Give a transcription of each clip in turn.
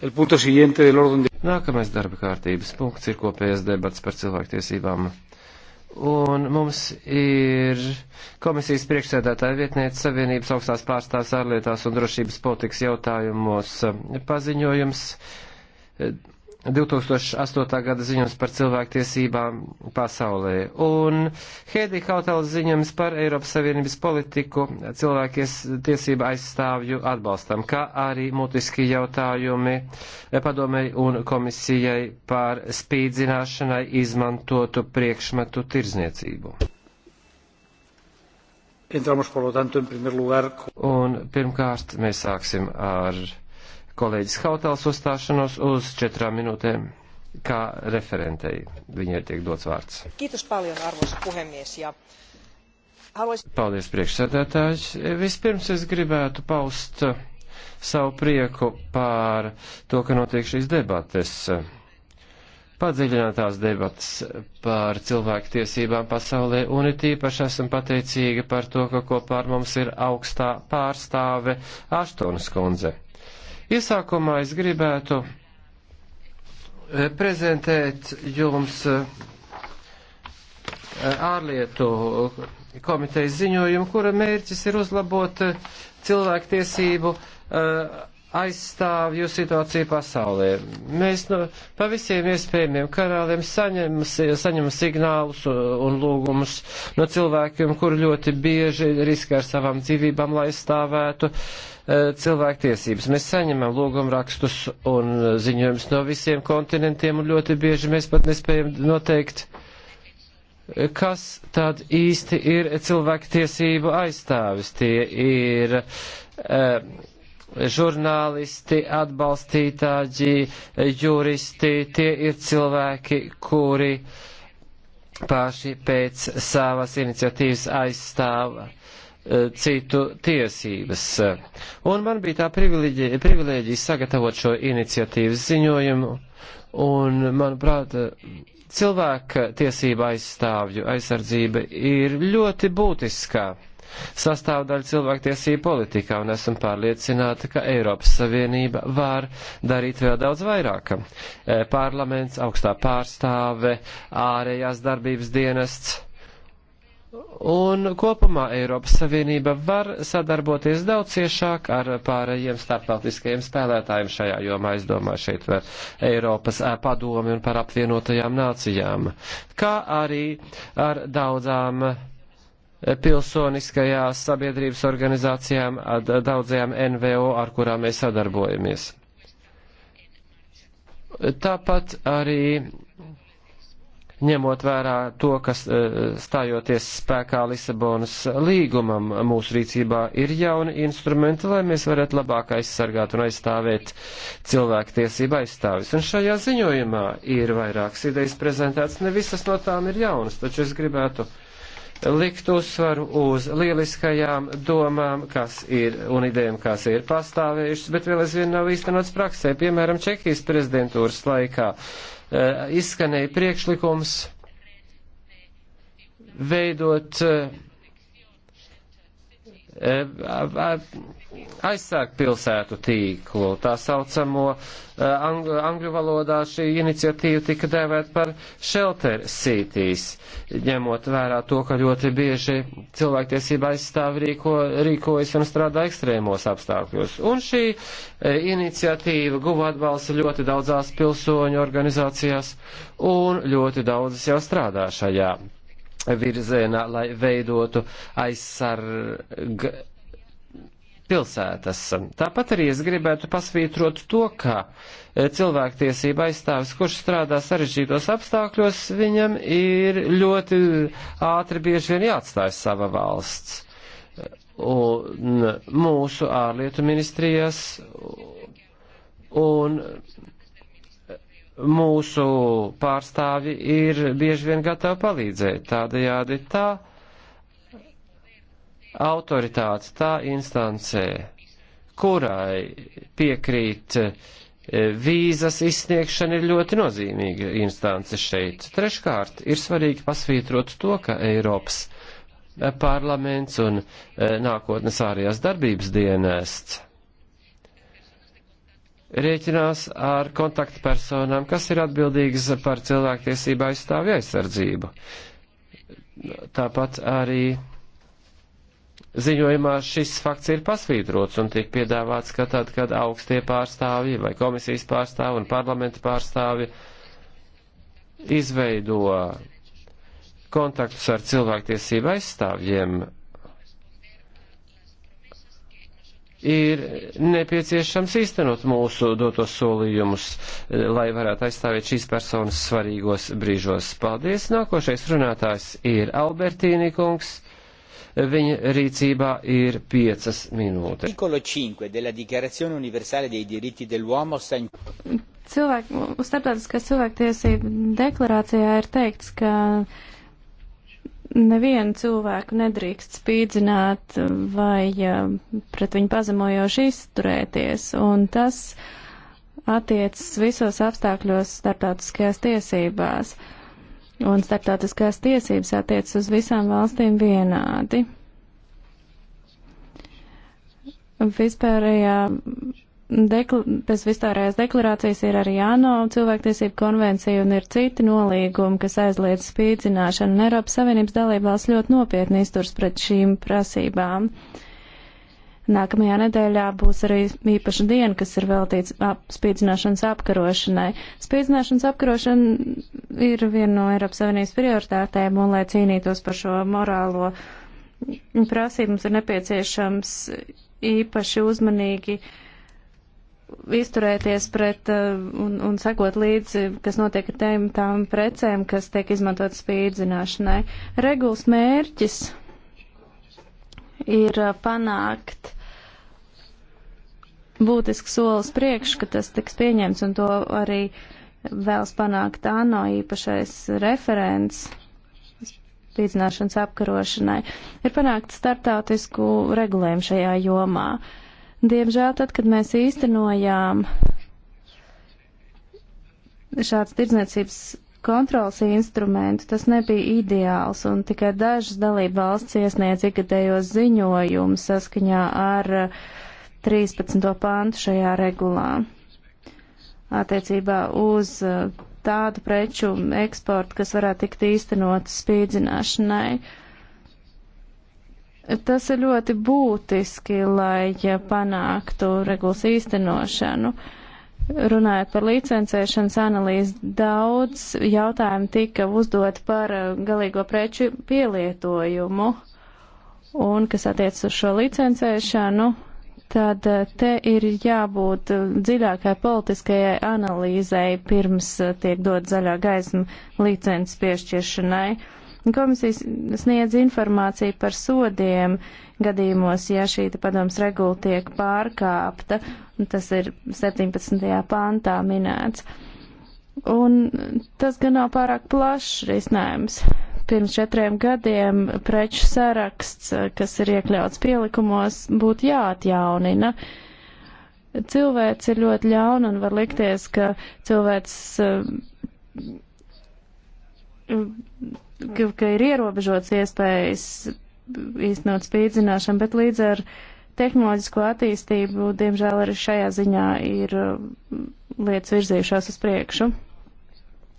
Nākamais darba kārtības punkts ir kopējais debats par cilvēktiesībām. Un mums ir komisijas priekšsēdētāja vietniece Savienības augstās pārstāvs ārlietās un drošības politikas jautājumos eh, paziņojums. Eh, 2008. gada ziņojums par cilvēktiesībām pasaulē un Hēdī Hautala ziņojums par Eiropas Savienības politiku cilvēkies tiesība aizstāvju atbalstam, kā arī mutiski jautājumi padomēji un komisijai par spīdzināšanai izmantotu priekšmetu tirzniecību. Entramos, por lo tanto, en primer lugar. Un pirmkārt mēs sāksim ar kolēģis Hautals uzstāšanos uz četrām minūtēm kā referentei. Viņai tiek dots vārds. Kiitos paljon, arvoisa puhemies. Ja... Haluais... Paldies, priekšsēdētājs. Vispirms es gribētu paust uh, savu prieku pār to, ka notiek šīs debates. Padziļinātās debatas par cilvēku tiesībām pasaulē, un it īpaši esam pateicīgi par to, ka kopā ar mums ir augstā pārstāve Aštonas kundze Iesākumā es gribētu eh, prezentēt jums eh, ārlietu komitejas ziņojumu, kura mērķis ir uzlabot eh, cilvēktiesību aizstāvju situāciju pasaulē. Mēs no, pa visiem iespējamiem kanāliem saņemam, saņemam signālus un lūgumus no cilvēkiem, kuri ļoti bieži riskē ar savām dzīvībām, lai stāvētu uh, Eh, cilvēktiesības. Mēs saņemam lūgumrakstus un ziņojums no visiem kontinentiem, un ļoti bieži mēs pat nespējam noteikt, eh, kas tad īsti ir cilvēktiesību aizstāvis. Tie ir uh, žurnālisti, atbalstītāji, juristi, tie ir cilvēki, kuri paši pēc savas iniciatīvas aizstāva Eh, citu tiesības. Un man bija tā privilēģija sagatavot šo iniciatīvas ziņojumu, un, manuprāt, cilvēka tiesība aizstāvju aizsardzība ir ļoti būtiskā sastāvdaļa cilvēktiesību politikā, un esam pārliecināti, ka Eiropas Savienība var darīt vēl daudz vairāk. Eh, parlaments, augstā pārstāve, ārējās darbības dienests Un kopumā Eiropas Savienība var sadarboties daudz ciešāk ar pārējiem starptautiskajiem spēlētājiem šajā jomā. Es domāju, šeit var Eiropas eh, padomi un par apvienotajām nācijām, kā arī ar daudzām eh, pilsoniskajās sabiedrības organizācijām, daudzajām NVO, ar kurām mēs sadarbojamies. Tāpat arī ņemot vērā to, kas e, stājoties spēkā Lisabonas līgumam mūsu rīcībā ir jauni instrumenti, lai mēs varētu labāk aizsargāt un aizstāvēt cilvēktiesību aizstāvis. Un šajā ziņojumā ir vairākas idejas prezentētas, ne visas no tām ir jaunas, taču es gribētu likt uzsvaru uz lieliskajām domām, kas ir un idejām, kas ir pastāvējušas, bet vēl aizvien nav īstenots praksē, piemēram, Čehijas prezidentūras laikā Eh, izskanēja priekšlikums veidot eh, Eh, aizsākt pilsētu tīklu. Tā saucamo eh, angļu, angļu valodā šī iniciatīva tika dēvēta par shelter cities, ņemot vērā to, ka ļoti bieži cilvēktiesība aizstāvi rīko, rīkojas un strādā ekstrēmos apstākļos. Un šī eh, iniciatīva guva atbalstu ļoti daudzās pilsoņu organizācijās un ļoti daudzas jau strādā šajā virzienā, lai veidotu aizsarg pilsētas. Tāpat arī es gribētu pasvītrot to, ka e, cilvēktiesība aizstāvis, kurš strādā sarežģītos apstākļos, viņam ir ļoti ātri bieži vien jāatstāj sava valsts. Un mūsu ārlietu ministrijas un mūsu pārstāvi ir bieži vien gatavi palīdzēt. Tādējādi tā autoritāte, tā instancē, kurai piekrīt e, vīzas izsniegšana ir ļoti nozīmīga instance šeit. Treškārt, ir svarīgi pasvītrot to, ka Eiropas e, parlaments un e, nākotnes ārējās darbības dienests rēķinās ar kontaktpersonām, kas ir atbildīgas par cilvēktiesību aizstāvju aizsardzību. Tāpat arī ziņojumā šis fakts ir pasvītrots un tiek piedāvāts, ka tad, kad augstie pārstāvji vai komisijas pārstāvi un parlamenta pārstāvji izveido kontaktus ar cilvēktiesību aizstāvjiem, ir nepieciešams īstenot mūsu dotos solījumus, eh, lai varētu aizstāvēt šīs personas svarīgos brīžos. Paldies! Nākošais runātājs ir Albertīni kungs. Viņa rīcībā ir piecas minūtes. Cilvēku, starptautiskā cilvēktiesība deklarācijā ir teikts, ka uh, nevienu cilvēku nedrīkst spīdzināt vai pret viņu pazemojoši izturēties, un tas attiecas visos apstākļos starptautiskajās tiesībās, un starptautiskās tiesības attiecas uz visām valstīm vienādi. Vispārējā ja dekla, pēc vispārējās deklarācijas ir arī ANO cilvēktiesību konvencija un ir citi nolīgumi, kas aizliedz spīdzināšanu, un Eiropas Savienības dalībās ļoti nopietni izturs pret šīm prasībām. Nākamajā nedēļā būs arī īpaša diena, kas ir veltīts ap, spīdzināšanas apkarošanai. Spīdzināšanas apkarošana ir viena no Eiropas Savienības prioritātēm, un lai cīnītos par šo morālo prasību, mums ir nepieciešams īpaši uzmanīgi uh, izturēties pret eh, un, un sekot līdzi, kas notiek ar tēm tām precēm, kas tiek izmantotas spīdzināšanai. Regulas mērķis ir eh, panākt būtisks solis priekš, ka tas tiks pieņemts un to arī vēlas panākt ANO īpašais referents spīdzināšanas apkarošanai. Ir panākt startautisku regulējumu šajā jomā. Uh, Diemžēl tad, kad mēs īstenojām šāds tirdzniecības kontrols instrumentu, tas nebija ideāls, un tikai dažas dalība valsts iesniedz ikgadējos ziņojumus saskaņā ar 13. pantu šajā regulā. Attiecībā uz uh, tādu preču eksportu, kas varētu tikt īstenot spīdzināšanai. Uh, Tas ir ļoti būtiski, lai ja panāktu regulas īstenošanu. Runājot par licencēšanas analīzi, daudz jautājumu tika uzdot par eh, galīgo preču pielietojumu. Un, kas attiecas uz šo licencēšanu, tad eh, te ir jābūt eh, dziļākai politiskajai analīzei pirms tiek dot zaļā gaisma licences piešķiršanai. Uh, Komisijas sniedz informāciju par sodiem gadījumos, ja šī padoms regula tiek pārkāpta, tas ir 17. pantā minēts. Un tas gan nav pārāk plašs risinājums. Pirms četriem gadiem preču saraksts, kas ir iekļauts pielikumos, būtu jāatjaunina cilvēks ir ļoti ļauna un var likties, ka cilvēks eh, ka, ka ir ierobežots iespējas īstenot spīdzināšanu, bet līdz ar tehnoloģisko attīstību, diemžēl arī šajā ziņā ir mm, lietas virzījušās uz priekšu.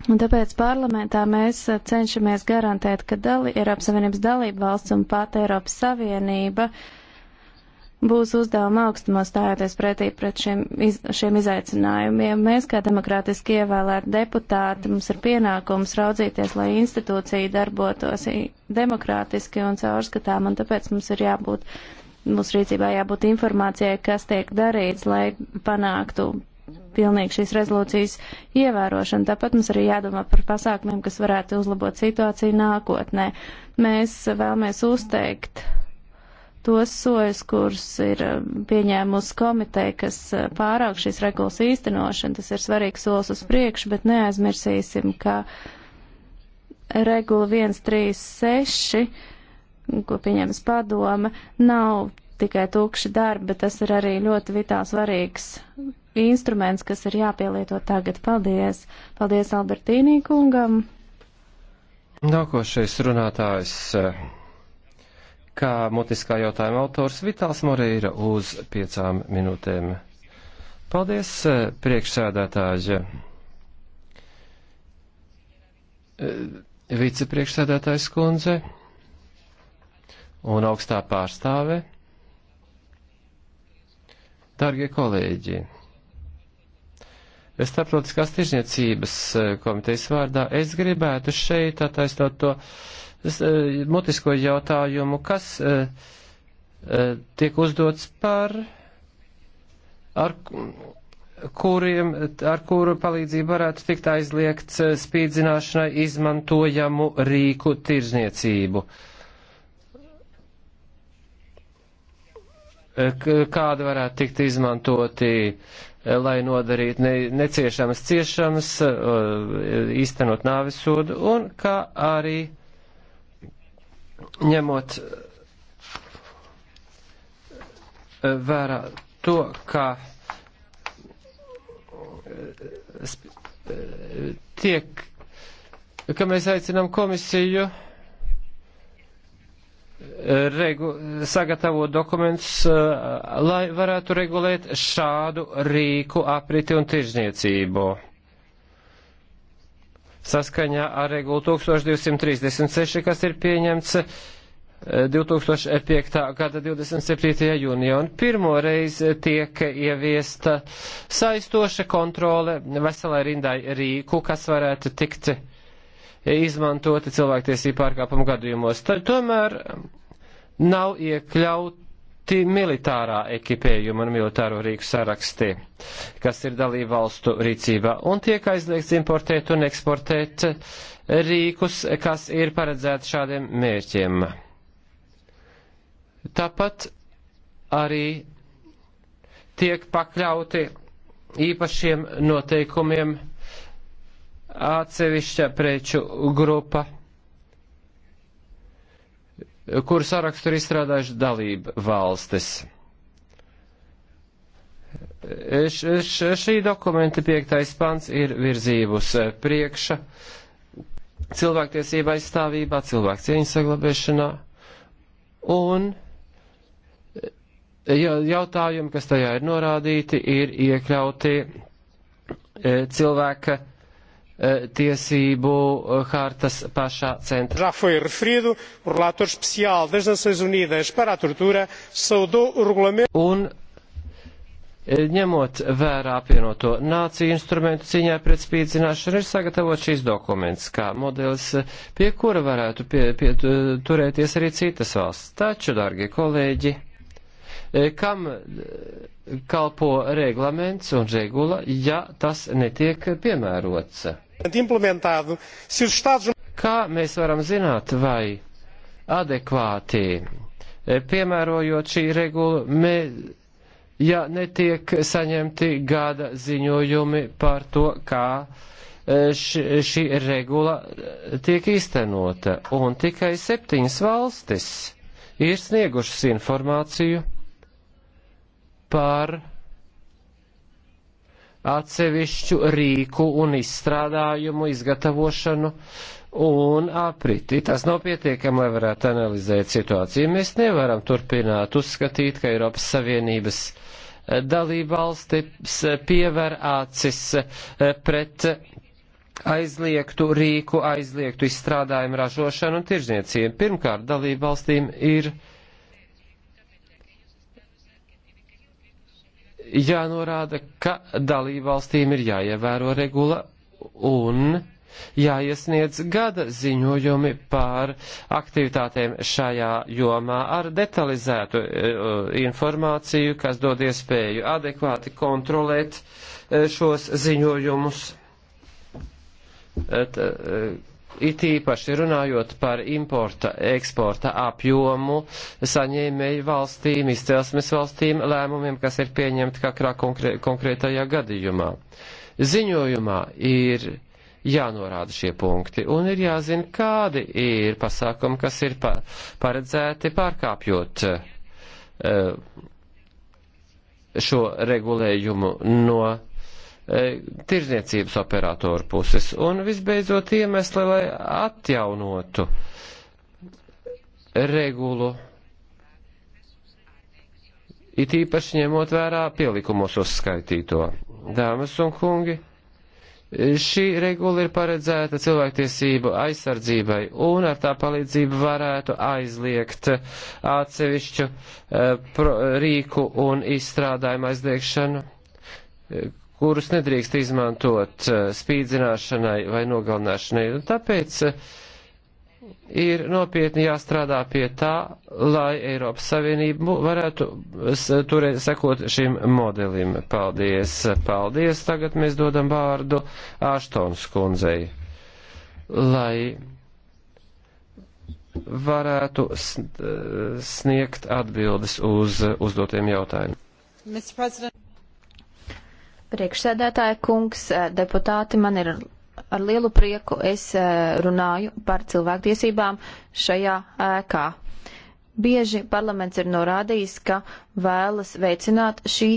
Un tāpēc parlamentā mēs cenšamies garantēt, ka dali, Eiropas Savienības dalība valsts un pat Eiropas Savienība uh, būs uzdevuma augstumā stājoties pretī pret šiem, iz, šiem izaicinājumiem. Mēs, kā demokrātiski ievēlēti deputāti, mums ir pienākums raudzīties, lai institūcija darbotos demokrātiski un caurskatām, un tāpēc mums ir jābūt, mūsu rīcībā jābūt informācijai, kas tiek darīts, lai panāktu pilnīgi šīs rezolūcijas ievērošanu. Tāpat mums arī jādomā par pasākumiem, kas varētu uzlabot situāciju nākotnē. Mēs vēlamies uzteikt tos sojas, kurus ir eh, pieņēmusi komiteja, kas eh, pārāk šīs regulas īstenošana. Tas ir svarīgs solis uz priekšu, bet neaizmirsīsim, ka regula 136, ko pieņems padome, nav tikai tūkši darbi, bet tas ir arī ļoti vitāli svarīgs instruments, kas ir jāpielieto tagad. Paldies! Paldies Albertīnī kungam! Nākošais runātājs. Uh kā mutiskā jautājuma autors Vitāls Moreira uz piecām minūtēm. Paldies, eh, priekšsēdētāji. Eh, vicepriekšsēdētājs kundze un augstā pārstāve. Dargie kolēģi, starptautiskās tirzniecības eh, komitejas vārdā es gribētu šeit attaisnot to Eh, mutisko jautājumu, kas eh, eh, tiek uzdots par, ar kuriem, ar kuru palīdzību varētu tikt aizliegts spīdzināšanai izmantojamu rīku tirzniecību. Kāda varētu tikt izmantoti lai nodarītu ne, neciešamas ciešamas, īstenot nāvisodu, un kā arī ņemot eh, vērā to, ka eh, eh, tiek, ka mēs aicinām komisiju regu, sagatavot dokumentus, lai varētu regulēt šādu rīku apriti un tirzniecību saskaņā ar regulu 1236, kas ir pieņemts 2005. E, gada 27. jūnijā. Un pirmo reizi tiek ieviesta saistoša kontrole veselai rindai rīku, kas varētu tikt izmantoti cilvēktiesību pārkāpumu gadījumos. Tad tomēr nav iekļaut iekļauti militārā ekipējuma un militāro rīku sarakstī, kas ir dalība valstu rīcībā, un tiek aizliegts importēt un eksportēt rīkus, kas ir paredzēti šādiem mērķiem. Tāpat arī tiek pakļauti īpašiem noteikumiem atsevišķa preču grupa kuru sarakstu ir izstrādājuši dalību valstis. Š, š, šī dokumenta piektais pants ir virzības priekša cilvēktiesība aizstāvībā, cilvēku cieņu saglabēšanā un jautājumi, kas tajā ir norādīti, ir iekļauti e, cilvēka Eh, tiesību eh, hartas pašā centrā. Já foi referido, o relator especial das Nações Unidas para a tortura saudou o regulamento. Un eh, ņemot vērā apvienoto nāciju instrumentu ciņā pret spīdzināšanu, ir sagatavot šīs dokuments kā modelis, pie kura varētu pie, pie, turēties arī citas valsts. Taču, dargie kolēģi, kam kalpo reglaments un regula, ja tas netiek piemērots? Kā mēs varam zināt, vai adekvāti e, piemērojot šī regula, mē, ja netiek saņemti gada ziņojumi par to, kā e, š, šī regula e, tiek īstenota, un tikai septiņas valstis ir sniegušas informāciju par atsevišķu rīku un izstrādājumu izgatavošanu un apriti. Tas nav pietiekami, lai varētu analizēt situāciju. Mēs nevaram turpināt uzskatīt, ka Eiropas Savienības eh, dalībvalstis eh, piever acis eh, pret aizliegtu rīku, aizliegtu izstrādājumu ražošanu un tirzniecību. Pirmkārt, dalībvalstīm ir jānorāda, ka dalībvalstīm ir jāievēro regula un jāiesniedz gada ziņojumi par aktivitātēm šajā jomā ar detalizētu e, informāciju, kas dod iespēju adekvāti kontrolēt e, šos ziņojumus e, it īpaši runājot par importa, eksporta apjomu saņēmēju valstīm, izcelsmes valstīm, lēmumiem, kas ir pieņemti katrā konkrē, konkrētajā gadījumā. Ziņojumā ir jānorāda šie punkti un ir jāzina, kādi ir pasākumi, kas ir pa, paredzēti pārkāpjot uh, šo regulējumu no E, tirzniecības operatoru puses. Un visbeidzot iemesli, lai atjaunotu regulu, it īpaši ņemot vērā pielikumos uzskaitīto. Dāmas un kungi, šī regula ir paredzēta cilvēktiesību aizsardzībai un ar tā palīdzību varētu aizliegt atsevišķu uh, pro, rīku un izstrādājumu aizliegšanu kurus nedrīkst izmantot eh, spīdzināšanai vai nogalināšanai. Un tāpēc eh, ir nopietni jāstrādā pie tā, lai Eiropas Savienība varētu turēt sekot šim modelim. Paldies, paldies. Tagad mēs dodam vārdu Āštons kundzei, lai varētu eh, sniegt atbildes uz uzdotiem jautājumiem. Priekšsēdētāja kungs, eh, deputāti, man ir ar lielu prieku es eh, runāju par cilvēktiesībām šajā ēkā. Bieži parlaments ir norādījis, ka vēlas veicināt šī,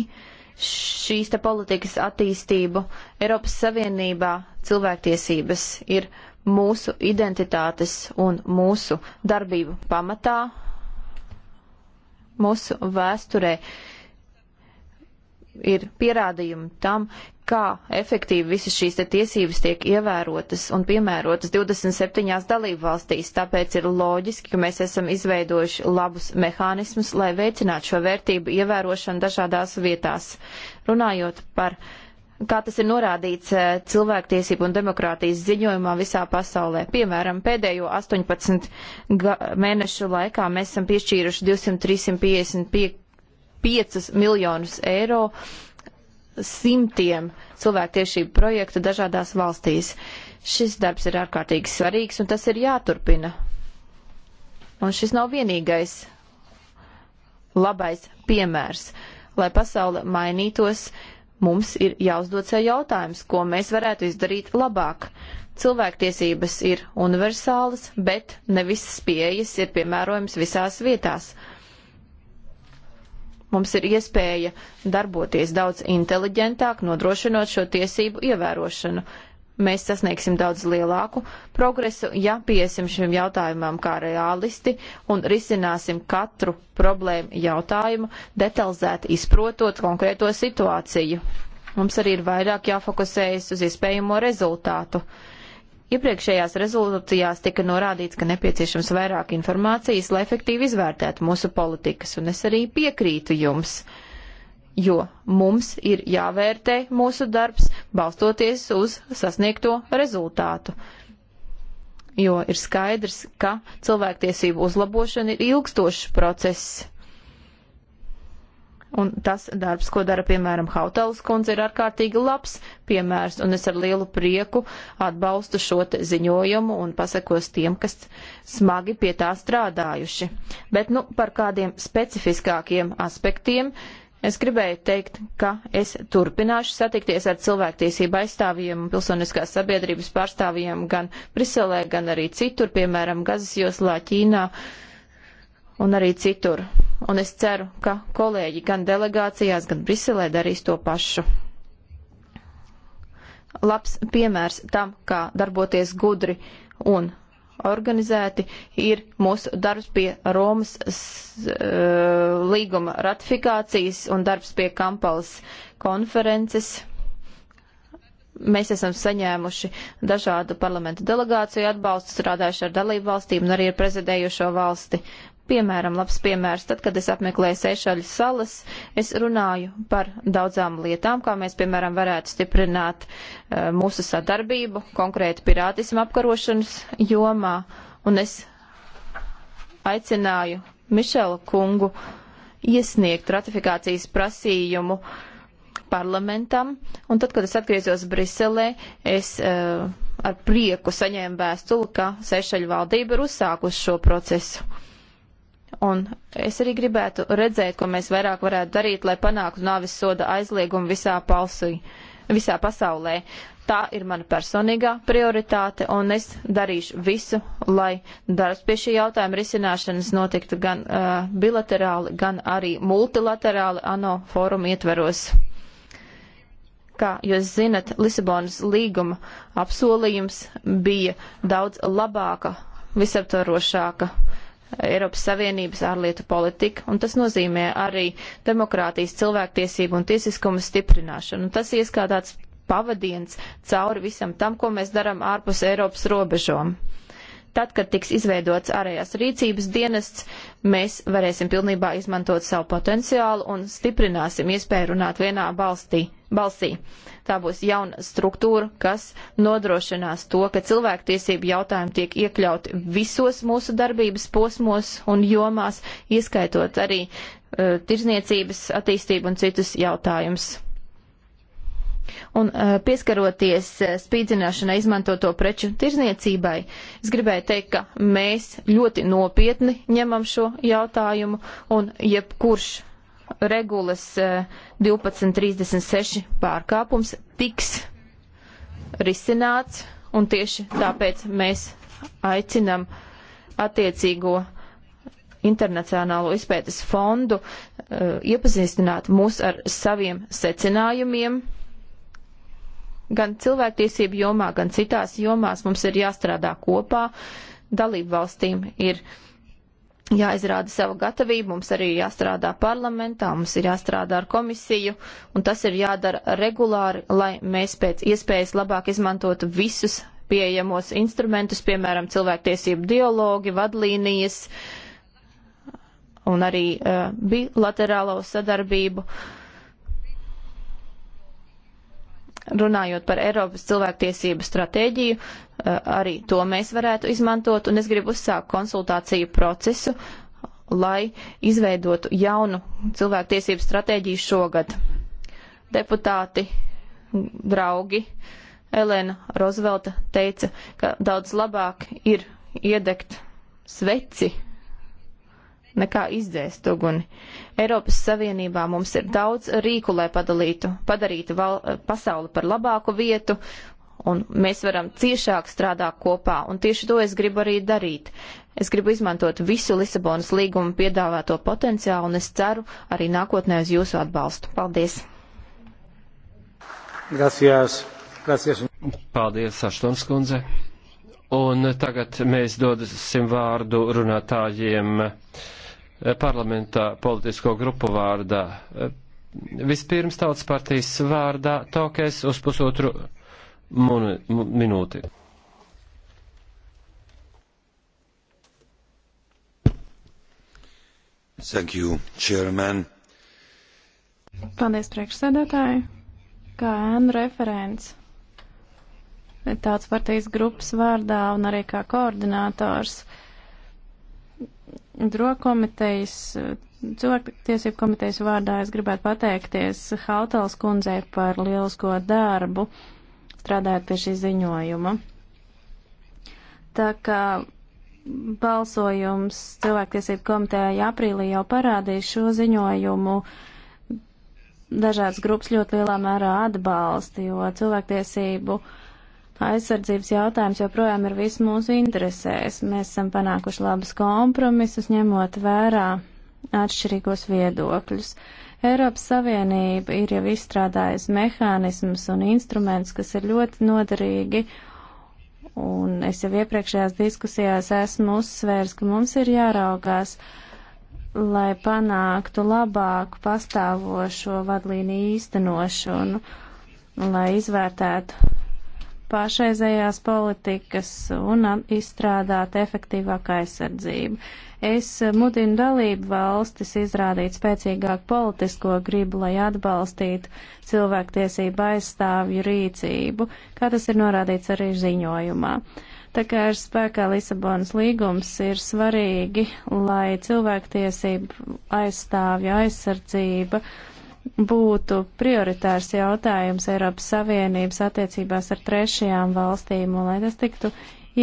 šīs te politikas attīstību. Eiropas Savienībā cilvēktiesības ir mūsu identitātes un mūsu darbību pamatā, mūsu vēsturē. Uh, ir pierādījumi tam, kā efektīvi visas šīs tiesības tiek ievērotas un piemērotas 27 dalību valstīs. Tāpēc ir loģiski, ka mēs esam izveidojuši labus mehānismus, lai veicinātu šo vērtību ievērošanu dažādās vietās. Runājot par, kā tas ir norādīts eh, cilvēktiesību un demokrātijas ziņojumā visā pasaulē. Piemēram, pēdējo 18 mēnešu laikā mēs esam piešķīruši 200-355 5 miljonus eiro simtiem cilvēktiesību projektu dažādās valstīs. Šis darbs ir ārkārtīgi svarīgs un tas ir jāturpina. Un šis nav vienīgais labais piemērs. Lai pasaule mainītos, mums ir jāuzdod sev jautājums, ko mēs varētu izdarīt labāk. Cilvēktiesības ir universālas, bet ne visas pieejas ir piemērojams visās vietās. Mums ir iespēja darboties daudz inteliģentāk, nodrošinot šo tiesību ievērošanu. Mēs sasniegsim daudz lielāku progresu, ja piesim šim jautājumam kā realisti un risināsim katru problēmu jautājumu, detalizēti izprotot konkrēto situāciju. Mums arī ir vairāk jāfokusējas uz iespējamo rezultātu. Uh, Iepriekšējās rezolūcijās tika norādīts, ka nepieciešams vairāk informācijas, lai efektīvi izvērtētu mūsu politikas, un es arī piekrītu jums, jo mums ir jāvērtē mūsu darbs balstoties uz sasniegto rezultātu. Jo ir skaidrs, ka cilvēktiesību uzlabošana ir ilgstošs process Un tas darbs, ko dara, piemēram, Hautalas kundze, ir ārkārtīgi labs piemērs, un es ar lielu prieku atbalstu šo ziņojumu un pasakos tiem, kas smagi pie tā strādājuši. Bet, nu, par kādiem specifiskākiem aspektiem es gribēju teikt, ka es turpināšu satikties ar cilvēktiesību aizstāvjiem un pilsoniskās sabiedrības pārstāvjiem gan Briselē, gan arī citur, piemēram, Gazas joslā, Ķīnā. Uh, un arī citur. Un es ceru, ka kolēģi gan delegācijās, gan Briselē darīs to pašu. Labs piemērs tam, kā darboties gudri un organizēti, ir mūsu darbs pie Romas uh, līguma ratifikācijas un darbs pie Kampalas konferences. Mēs esam saņēmuši dažādu parlamentu delegāciju atbalstu, strādājuši ar dalību valstīm un arī ar prezidējušo valsti. Piemēram, labs piemērs, tad, kad es apmeklēju Seišaļu salas, es runāju par daudzām lietām, kā mēs, piemēram, varētu stiprināt uh, mūsu sadarbību konkrēti pirātismu apkarošanas jomā, un es aicināju Mišelu kungu iesniegt ratifikācijas prasījumu parlamentam, un tad, kad es atgriezos Briselē, es uh, ar prieku saņēmu vēstuli, ka Seišaļu valdība ir uzsākusi šo procesu. Un es arī gribētu redzēt, ko mēs vairāk varētu darīt, lai panāktu nāvis soda aizliegumu visā palsī, visā pasaulē. Tā ir mana personīgā prioritāte, un es darīšu visu, lai darbs pie šī jautājuma risināšanas notiktu gan uh, bilaterāli, gan arī multilaterāli ANO fórumu ietveros. Kā jūs zinat, Lisabonas līguma apsolījums bija daudz labāka, visaptvarošāka uh, Eiropas Savienības ārlietu politika, un tas nozīmē arī demokrātijas, cilvēktiesību un tiesiskumu stiprināšanu. Un tas ieskādāts pavadiens cauri visam tam, ko mēs darām ārpus Eiropas robežām. Tad, kad tiks izveidots ārējās rīcības dienests, mēs varēsim pilnībā izmantot savu potenciālu un stiprināsim iespēju runāt vienā balstī, balsī. Tā būs jauna struktūra, kas nodrošinās to, ka cilvēktiesību jautājumi tiek iekļauti visos mūsu darbības posmos un jomās, ieskaitot arī uh, tirzniecības attīstību un citus jautājumus un uh, pieskaroties uh, spīdzināšanai izmantoto preču tirzniecībai, es gribēju teikt, ka mēs ļoti nopietni ņemam šo jautājumu un jebkurš regulas uh, eh, 1236 pārkāpums tiks risināts un tieši tāpēc mēs aicinam attiecīgo Internacionālo izpētes fondu uh, iepazīstināt mūs ar saviem secinājumiem Gan cilvēktiesību jomā, gan citās jomās mums ir jāstrādā kopā. Dalību valstīm ir jāizrāda sava gatavība, mums arī jāstrādā parlamentā, mums ir jāstrādā ar komisiju, un tas ir jādara regulāri, lai mēs pēc iespējas labāk izmantotu visus pieejamos instrumentus, piemēram, cilvēktiesību dialogi, vadlīnijas un arī uh, bilaterālo sadarbību. Uh, runājot par Eiropas cilvēktiesību stratēģiju, eh, arī to mēs varētu izmantot, un es gribu uzsākt konsultāciju procesu, lai izveidotu jaunu cilvēktiesību stratēģiju šogad. Deputāti, draugi, Elena Rozvelta teica, ka daudz labāk ir iedegt sveci nekā izdzēst uguni. Eiropas Savienībā mums ir daudz rīku, lai padalītu, padarītu val, eh, pasauli par labāku vietu, un mēs varam ciešāk strādāt kopā, un tieši to es gribu arī darīt. Es gribu izmantot visu Lisabonas līguma piedāvāto potenciālu, un es ceru arī nākotnē uz jūsu atbalstu. Paldies! Gracias. Gracias. Paldies, Aštons kundze. Un tagad mēs dodasim vārdu runātājiem parlamentā politisko grupu vārdā. Vispirms tautas partijas vārdā tokēs uz pusotru munu, minūti. Thank you, chairman. Paldies, priekšsēdētāji. Kā ēnu referents tāds partijas grupas vārdā un arī kā koordinātors drokomitejas, cilvēktiesību komitejas vārdā es gribētu pateikties Hautals kundzei par lielisko darbu, strādājot pie šī ziņojuma. Tā kā balsojums cilvēktiesību komitejā aprīlī jau parādīja šo ziņojumu, dažādas grupas ļoti lielā mērā atbalsta, jo cilvēktiesību uh, aizsardzības jautājums joprojām ir visu mūsu interesēs. Mēs esam panākuši labus kompromisus, ņemot vērā atšķirīgos viedokļus. Eiropas Savienība ir jau izstrādājusi mehānismus un instrumentus, kas ir ļoti noderīgi, un es jau iepriekšējās diskusijās esmu uzsvērs, ka mums ir jāraugās, lai panāktu labāku pastāvošo vadlīniju īstenošanu, lai izvērtētu pašreizējās politikas un izstrādāt efektīvāku aizsardzību. Es eh, mudinu dalību valstis izrādīt spēcīgāku politisko gribu, lai atbalstītu cilvēktiesību aizstāvju rīcību, kā tas ir norādīts arī ziņojumā. Tā kā ir spēkā Lisabonas līgums, ir svarīgi, lai cilvēktiesību aizstāvju aizsardzība uh, būtu prioritārs jautājums Eiropas Savienības attiecībās ar trešajām valstīm un lai tas tiktu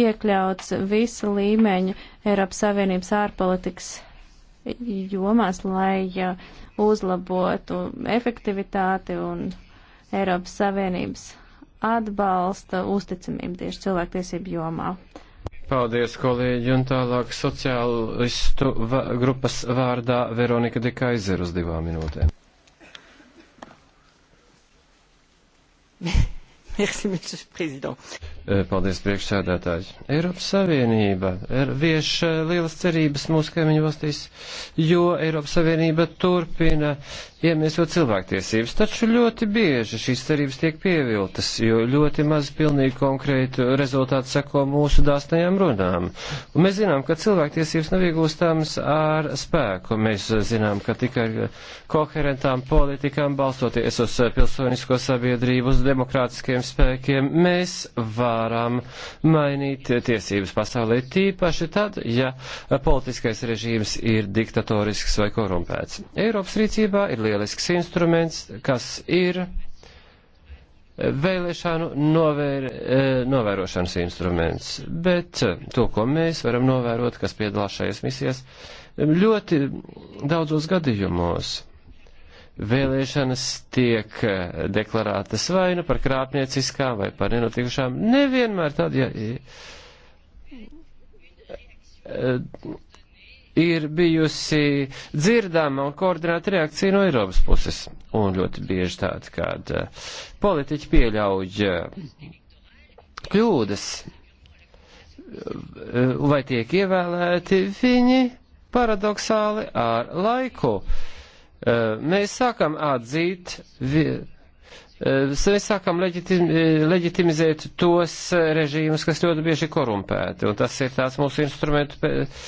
iekļauts visu līmeņu Eiropas Savienības ārpolitikas jomās, lai uzlabotu efektivitāti un Eiropas Savienības atbalsta uzticamību tieši cilvēktiesību jomā. Paldies, kolēģi, un tālāk sociālistu grupas vārdā Veronika Dekaizer uz divām minūtēm. Merci, monsieur président. Eh, paldies, priekšsēdētāji. Eiropas Savienība ir er, vieš eh, lielas cerības mūsu kaimiņu valstīs, jo Eiropas Savienība turpina uh, iemiesot cilvēktiesības, taču ļoti bieži šīs cerības tiek pieviltas, jo ļoti maz pilnīgi konkrētu rezultātu sako mūsu dāsnajām runām. Un mēs zinām, ka cilvēktiesības nav iegūstāmas ar spēku. Mēs zinām, ka tikai koherentām politikām, balstoties uz pilsonisko sabiedrību, uz demokrātiskiem spēkiem, mēs varam mainīt tiesības pasaulē tīpaši tad, ja politiskais režīms ir diktatorisks vai korumpēts. Eiropas rīcībā ir liela lielisks instruments, kas ir vēlēšanu novēr, e, novērošanas instruments, bet e, to, ko mēs varam novērot, kas piedalās šajās misijās, ļoti daudzos gadījumos vēlēšanas tiek e, deklarētas vai nu par krāpnieciskām vai par nenotikušām, nevienmēr tad, ja. ja ir bijusi dzirdama un koordinēta reakcija no Eiropas puses. Un ļoti bieži tāda, kad eh, politiķi pieļauj eh, kļūdas eh, vai tiek ievēlēti, viņi paradoxāli ar laiku. Mēs sākam atzīt Eh, mēs sākam leģitim, eh, leģitimizēt tos režīmus, kas ļoti bieži korumpēti, un tas ir tāds mūsu instrumentu eh,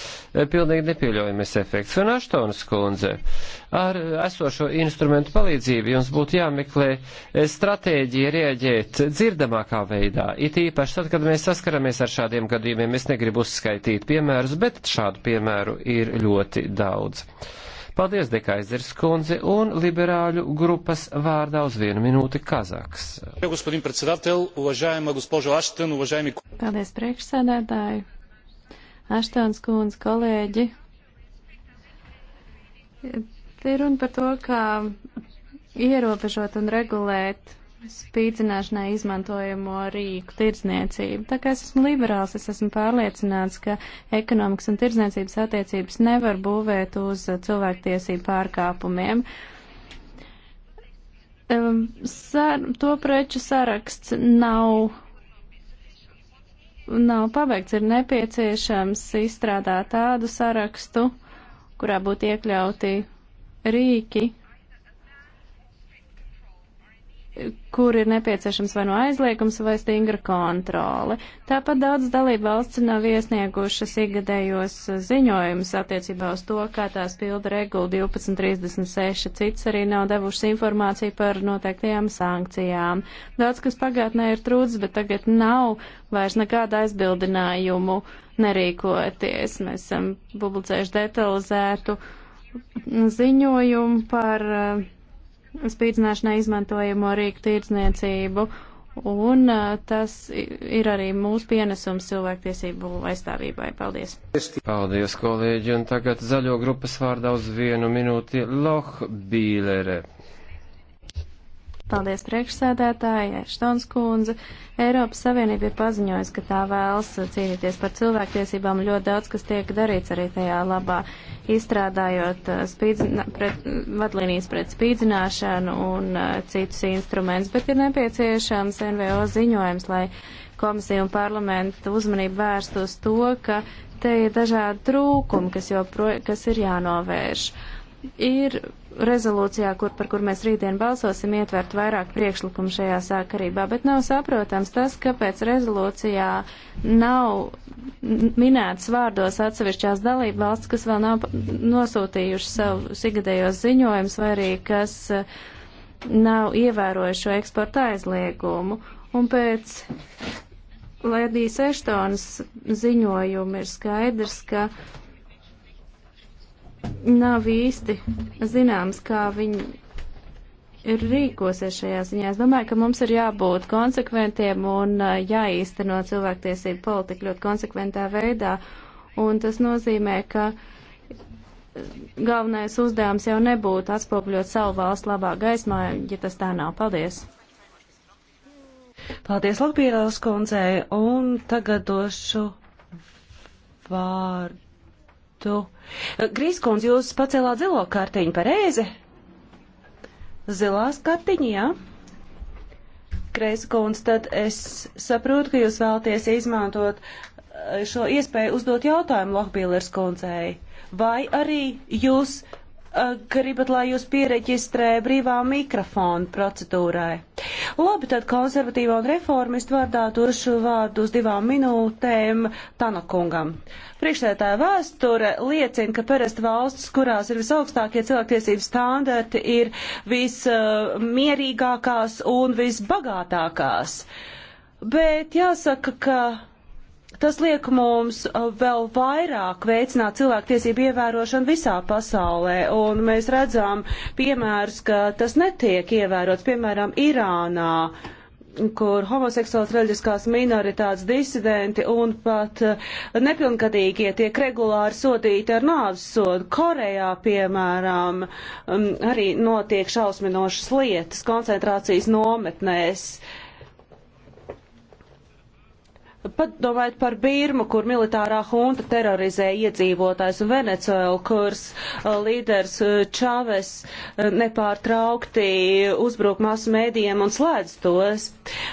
pilnīgi nepieļaujamies efekts. Un Aštonas kundze, ar esošo instrumentu palīdzību jums būtu jāmeklē stratēģija rieģēt dzirdamākā veidā, it īpaši tad, kad mēs saskaramies ar šādiem gadījumiem, es negribu uzskaitīt piemērus, bet šādu piemēru ir ļoti daudz. Paldies, Dekaizers kundze, un liberāļu grupas vārdā uz vienu minūti Kazaks. Paldies, priekšsēdētāji, Aštāns kundze, kolēģi. Te ir runa par to, kā ierobežot un regulēt spīdzināšanai izmantojamo rīku tirdzniecību. Tā kā es esmu liberāls, es esmu pārliecināts, ka ekonomikas un tirdzniecības attiecības nevar būvēt uz cilvēktiesību pārkāpumiem. Um, sar, to preču saraksts nav nav pabeigts, ir nepieciešams izstrādāt tādu sarakstu, kurā būtu iekļauti rīki, kur ir nepieciešams vai no aizliegums vai stingra kontrole. Tāpat daudz dalību valsts nav iesniegušas ikgadējos ziņojumus attiecībā uz to, kā tās pilda regula 1236. Cits arī nav devušas informāciju par noteiktajām sankcijām. Daudz, kas pagātnē ir trūcis, bet tagad nav vairs nekāda aizbildinājumu nerīkoties. Mēs esam publicējuši detalizētu ziņojumu par uh, spīdzināšanai izmantojamo rīku tirdzniecību, un tas ir arī mūsu pienesums cilvēktiesību aizstāvībai. Paldies! Paldies, kolēģi, un tagad zaļo grupas vārdā uz vienu minūti Loh Bīlere. Paldies priekšsēdētāji, Štons kundze. Eiropas Savienība ir paziņojusi, ka tā vēlas cīnīties par cilvēktiesībām ļoti daudz, kas tiek darīts arī tajā labā, izstrādājot uh, spīdzina, pret, vadlīnijas pret spīdzināšanu un uh, citus instrumentus, bet ir nepieciešams NVO ziņojums, lai komisija un parlamenta uzmanību vērst uz to, ka te ir dažādi trūkumi, kas, jopro, kas ir jānovērš. Ir rezolūcijā, kur, par kur mēs rītdien balsosim, ietvert vairāk priekšlikumu šajā sākarībā, bet nav saprotams tas, kāpēc rezolūcijā nav minēts vārdos atsevišķās dalība valsts, kas vēl nav nosūtījuši savu sigadējos ziņojumus vai arī kas eh, nav ievērojuši šo eksporta aizliegumu. Un pēc Lēdijas Eštonas ziņojuma ir skaidrs, ka nav īsti zināms, kā viņi rīkosies šajā ziņā. Es domāju, ka mums ir jābūt konsekventiem un jāīsteno cilvēktiesību politika ļoti konsekventā veidā. Un tas nozīmē, ka galvenais uzdevums jau nebūtu atspogļot savu valstu labā gaismā, ja tas tā nav. Paldies! Paldies Lakbīrās kundzei, un tagad došu vārdu minūtu. Grīskundz, jūs pacēlāt zilo kartiņu, pareizi? Zilās kartiņa, jā. Grīskundz, tad es saprotu, ka jūs vēlaties izmantot eh, šo iespēju uzdot jautājumu Lohbīlers kundzei. Vai arī jūs gribat, lai jūs piereģistrē brīvā mikrofona procedūrai. Labi, tad konservatīva un reformistu vārdā došu vārdu uz divām minūtēm Tanakungam. Priekšsētāja vēsture liecina, ka perest valsts, kurās ir visaugstākie cilvēktiesību standarti, ir vismierīgākās un visbagātākās. Bet jāsaka, ka Tas liek mums uh, vēl vairāk veicināt cilvēktiesību ievērošanu visā pasaulē, un mēs redzam piemērus, ka tas netiek ievērots, piemēram, Irānā kur homoseksuāls reliģiskās minoritātes disidenti un pat uh, nepilngadīgie tiek regulāri sodīti ar nāves sodu. Korejā, piemēram, um, arī notiek šausminošas lietas koncentrācijas nometnēs. Uh, Padomājiet par Birmu, kur militārā hunta terorizē iedzīvotājs un Venecuēlu, kurs uh, līders uh, Čāves uh, nepārtraukti uzbruk masu mēdījiem un slēdz tos.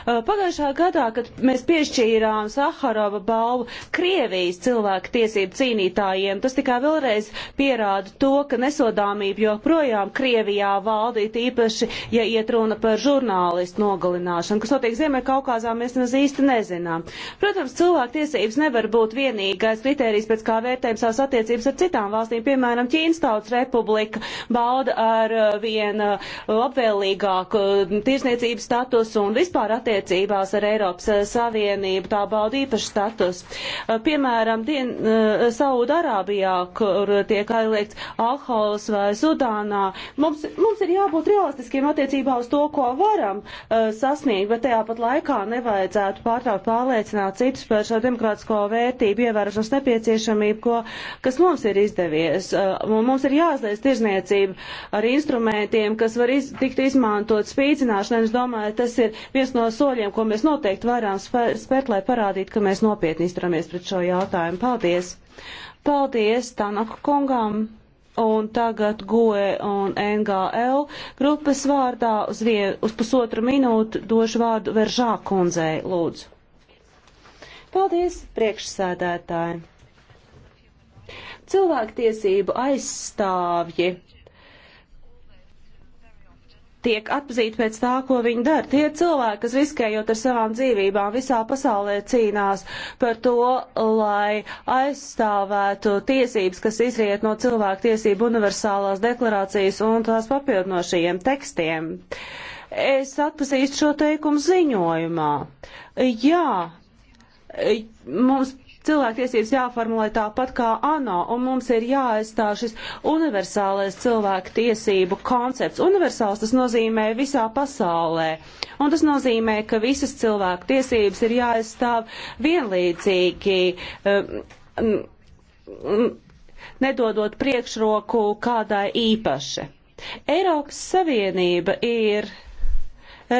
Pagājušā gadā, kad mēs piešķīrām Saharova balvu Krievijas cilvēku tiesību cīnītājiem, tas tikai vēlreiz pierāda to, ka nesodāmība joprojām Krievijā valdīt īpaši, ja iet runa par žurnālistu nogalināšanu, kas notiek Ziemeļkaukāzā, mēs nemaz īsti nezinām. Protams, cilvēktiesības nevar būt vienīgais kritērijs, pēc kā vērtējam savas attiecības ar citām valstīm. Piemēram, Ķīnas tautas republika bauda ar uh, vien uh, labvēlīgāku uh, tirsniecības statusu un vispār attiecībās ar Eiropas Savienību tā bauda īpašu statusu. Piemēram, dien, Saudarābijā, kur tiek aizliegts alkohols vai Sudānā, mums, mums ir jābūt realistiskiem attiecībā uz to, ko varam uh, sasniegt, bet tajā pat laikā nevajadzētu pārtraukt pārliecināt citus par šo demokrātisko vērtību ievērošanas nepieciešamību, ko, kas mums ir izdevies. Uh, mums ir jāizliedz tirzniecība ar instrumentiem, kas var iz, tikt izmantot spīdzināšanai. Es domāju, tas ir viens no soļiem, ko mēs noteikti varam spērt, lai parādītu, ka mēs nopietni izturamies pret šo jautājumu. Paldies! Paldies Tanaku kungam! Un tagad GOE un NGL grupas vārdā uz, vien, uz pusotru minūtu došu vārdu Veržā kundzei, lūdzu. Paldies, priekšsēdētāji! Cilvēktiesību aizstāvji tiek atpazīti pēc tā, ko viņi dara. Tie cilvēki, kas riskējot ar savām dzīvībām visā pasaulē cīnās par to, lai aizstāvētu tiesības, kas izriet no cilvēku tiesību universālās deklarācijas un tās papildinošajiem tekstiem. Es atpazīstu šo teikumu ziņojumā. Jā, Mums cilvēktiesības jāformulē tāpat kā ANO, un mums ir jāaizstāv šis universālais cilvēktiesību koncepts. Universāls tas nozīmē visā pasaulē, un tas nozīmē, ka visas cilvēktiesības ir jāaizstāv vienlīdzīgi. Um, um, um, nedodot priekšroku kādai īpaši. Eiropas Savienība ir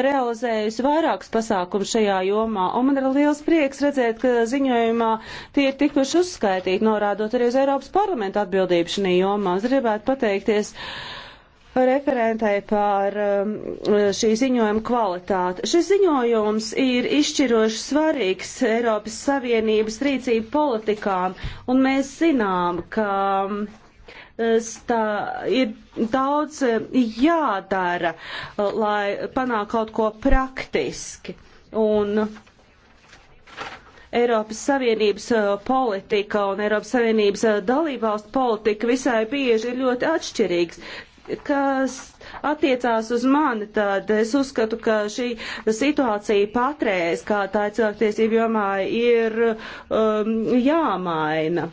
realizējusi vairākus pasākumus šajā jomā, un man ir liels prieks redzēt, ka ziņojumā tie ir tikuši uzskaitīti, norādot arī uz Eiropas parlamentu atbildību šajā jomā. Es gribētu pateikties referentai par um, šī ziņojuma kvalitāti. Šis ziņojums ir izšķiroši svarīgs Eiropas Savienības rīcību politikām, un mēs zinām, ka um, tā ir daudz eh, jādara, eh, lai panāk kaut ko praktiski. Un Eiropas Savienības eh, politika un Eiropas Savienības dalībvalstu politika visai bieži ir ļoti atšķirīgs. Kas attiecās uz mani, tad es uzskatu, ka šī situācija patreiz, kā tā cilvēktiesība jomā, ir um, jāmaina.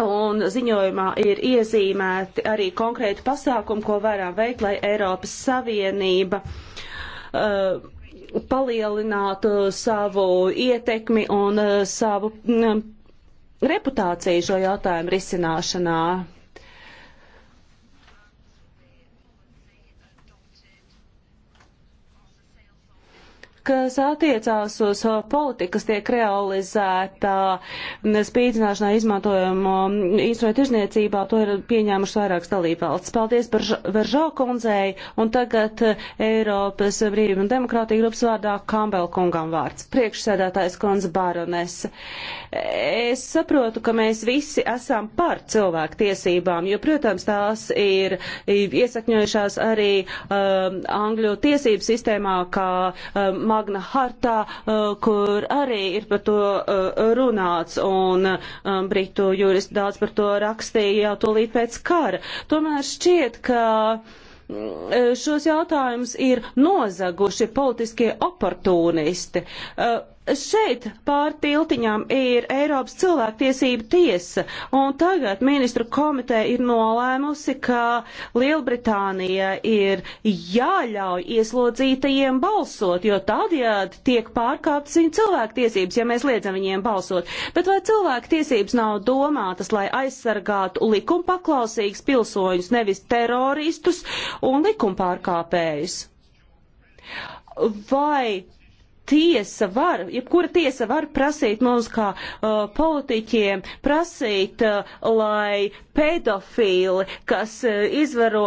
Un ziņojumā ir iezīmēti arī konkrēti pasākumi, ko varam veikt, lai Eiropas Savienība uh, palielinātu savu ietekmi un uh, savu um, reputāciju šo jautājumu risināšanā. kas attiecās uz uh, politikas tiek realizētā mm, spīdzināšanā izmantojamo mm, instrumentu izniecībā, to ir pieņēmuši vairākas dalībvalsts. Paldies par Veržā kundzei, un tagad uh, Eiropas brīvība un demokrātija grupas vārdā Kambel kungam vārds. Priekšsēdētājs kundze baronese. Es saprotu, ka mēs visi esam par cilvēku tiesībām, jo, protams, tās ir iesakņojušās arī um, Angļu tiesību sistēmā, kā um, Magna Hartā, eh, kur arī ir par to eh, runāts, un eh, Britu juristi daudz par to rakstīja jau tūlīt pēc kara. Tomēr šķiet, ka šos jautājumus ir nozaguši politiskie oportunisti. Šeit pār tiltiņām ir Eiropas cilvēktiesība tiesa, un tagad ministru komiteja ir nolēmusi, ka Lielbritānija ir jāļauj ieslodzītajiem balsot, jo tādējādi tiek pārkāptas viņu cilvēktiesības, ja mēs liedzam viņiem balsot. Bet vai cilvēktiesības nav domātas, lai aizsargātu likumpaklausīgus pilsoņus, nevis teroristus un likumpārkāpējus? Vai tiesa var, jebkura tiesa var prasīt mums kā uh, politiķiem, prasīt, uh, lai pedofīli, kas uh, izvaro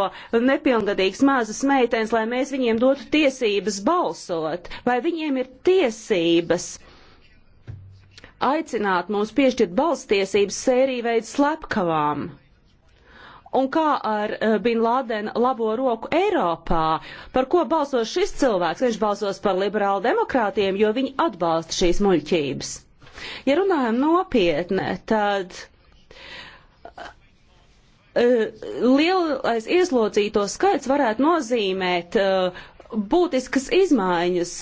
nepilngadīgas mazas meitenes, lai mēs viņiem dotu tiesības balsot, vai viņiem ir tiesības aicināt mums piešķirt balstiesības sēriju veidu slepkavām un kā ar eh, Bin Laden labo roku Eiropā? Par ko balsos šis cilvēks? Viņš balsos par liberālu demokrātiem, jo viņi atbalsta šīs muļķības. Ja runājam nopietni, tad eh, lielais ieslodzīto skaits varētu nozīmēt eh, būtiskas izmaiņas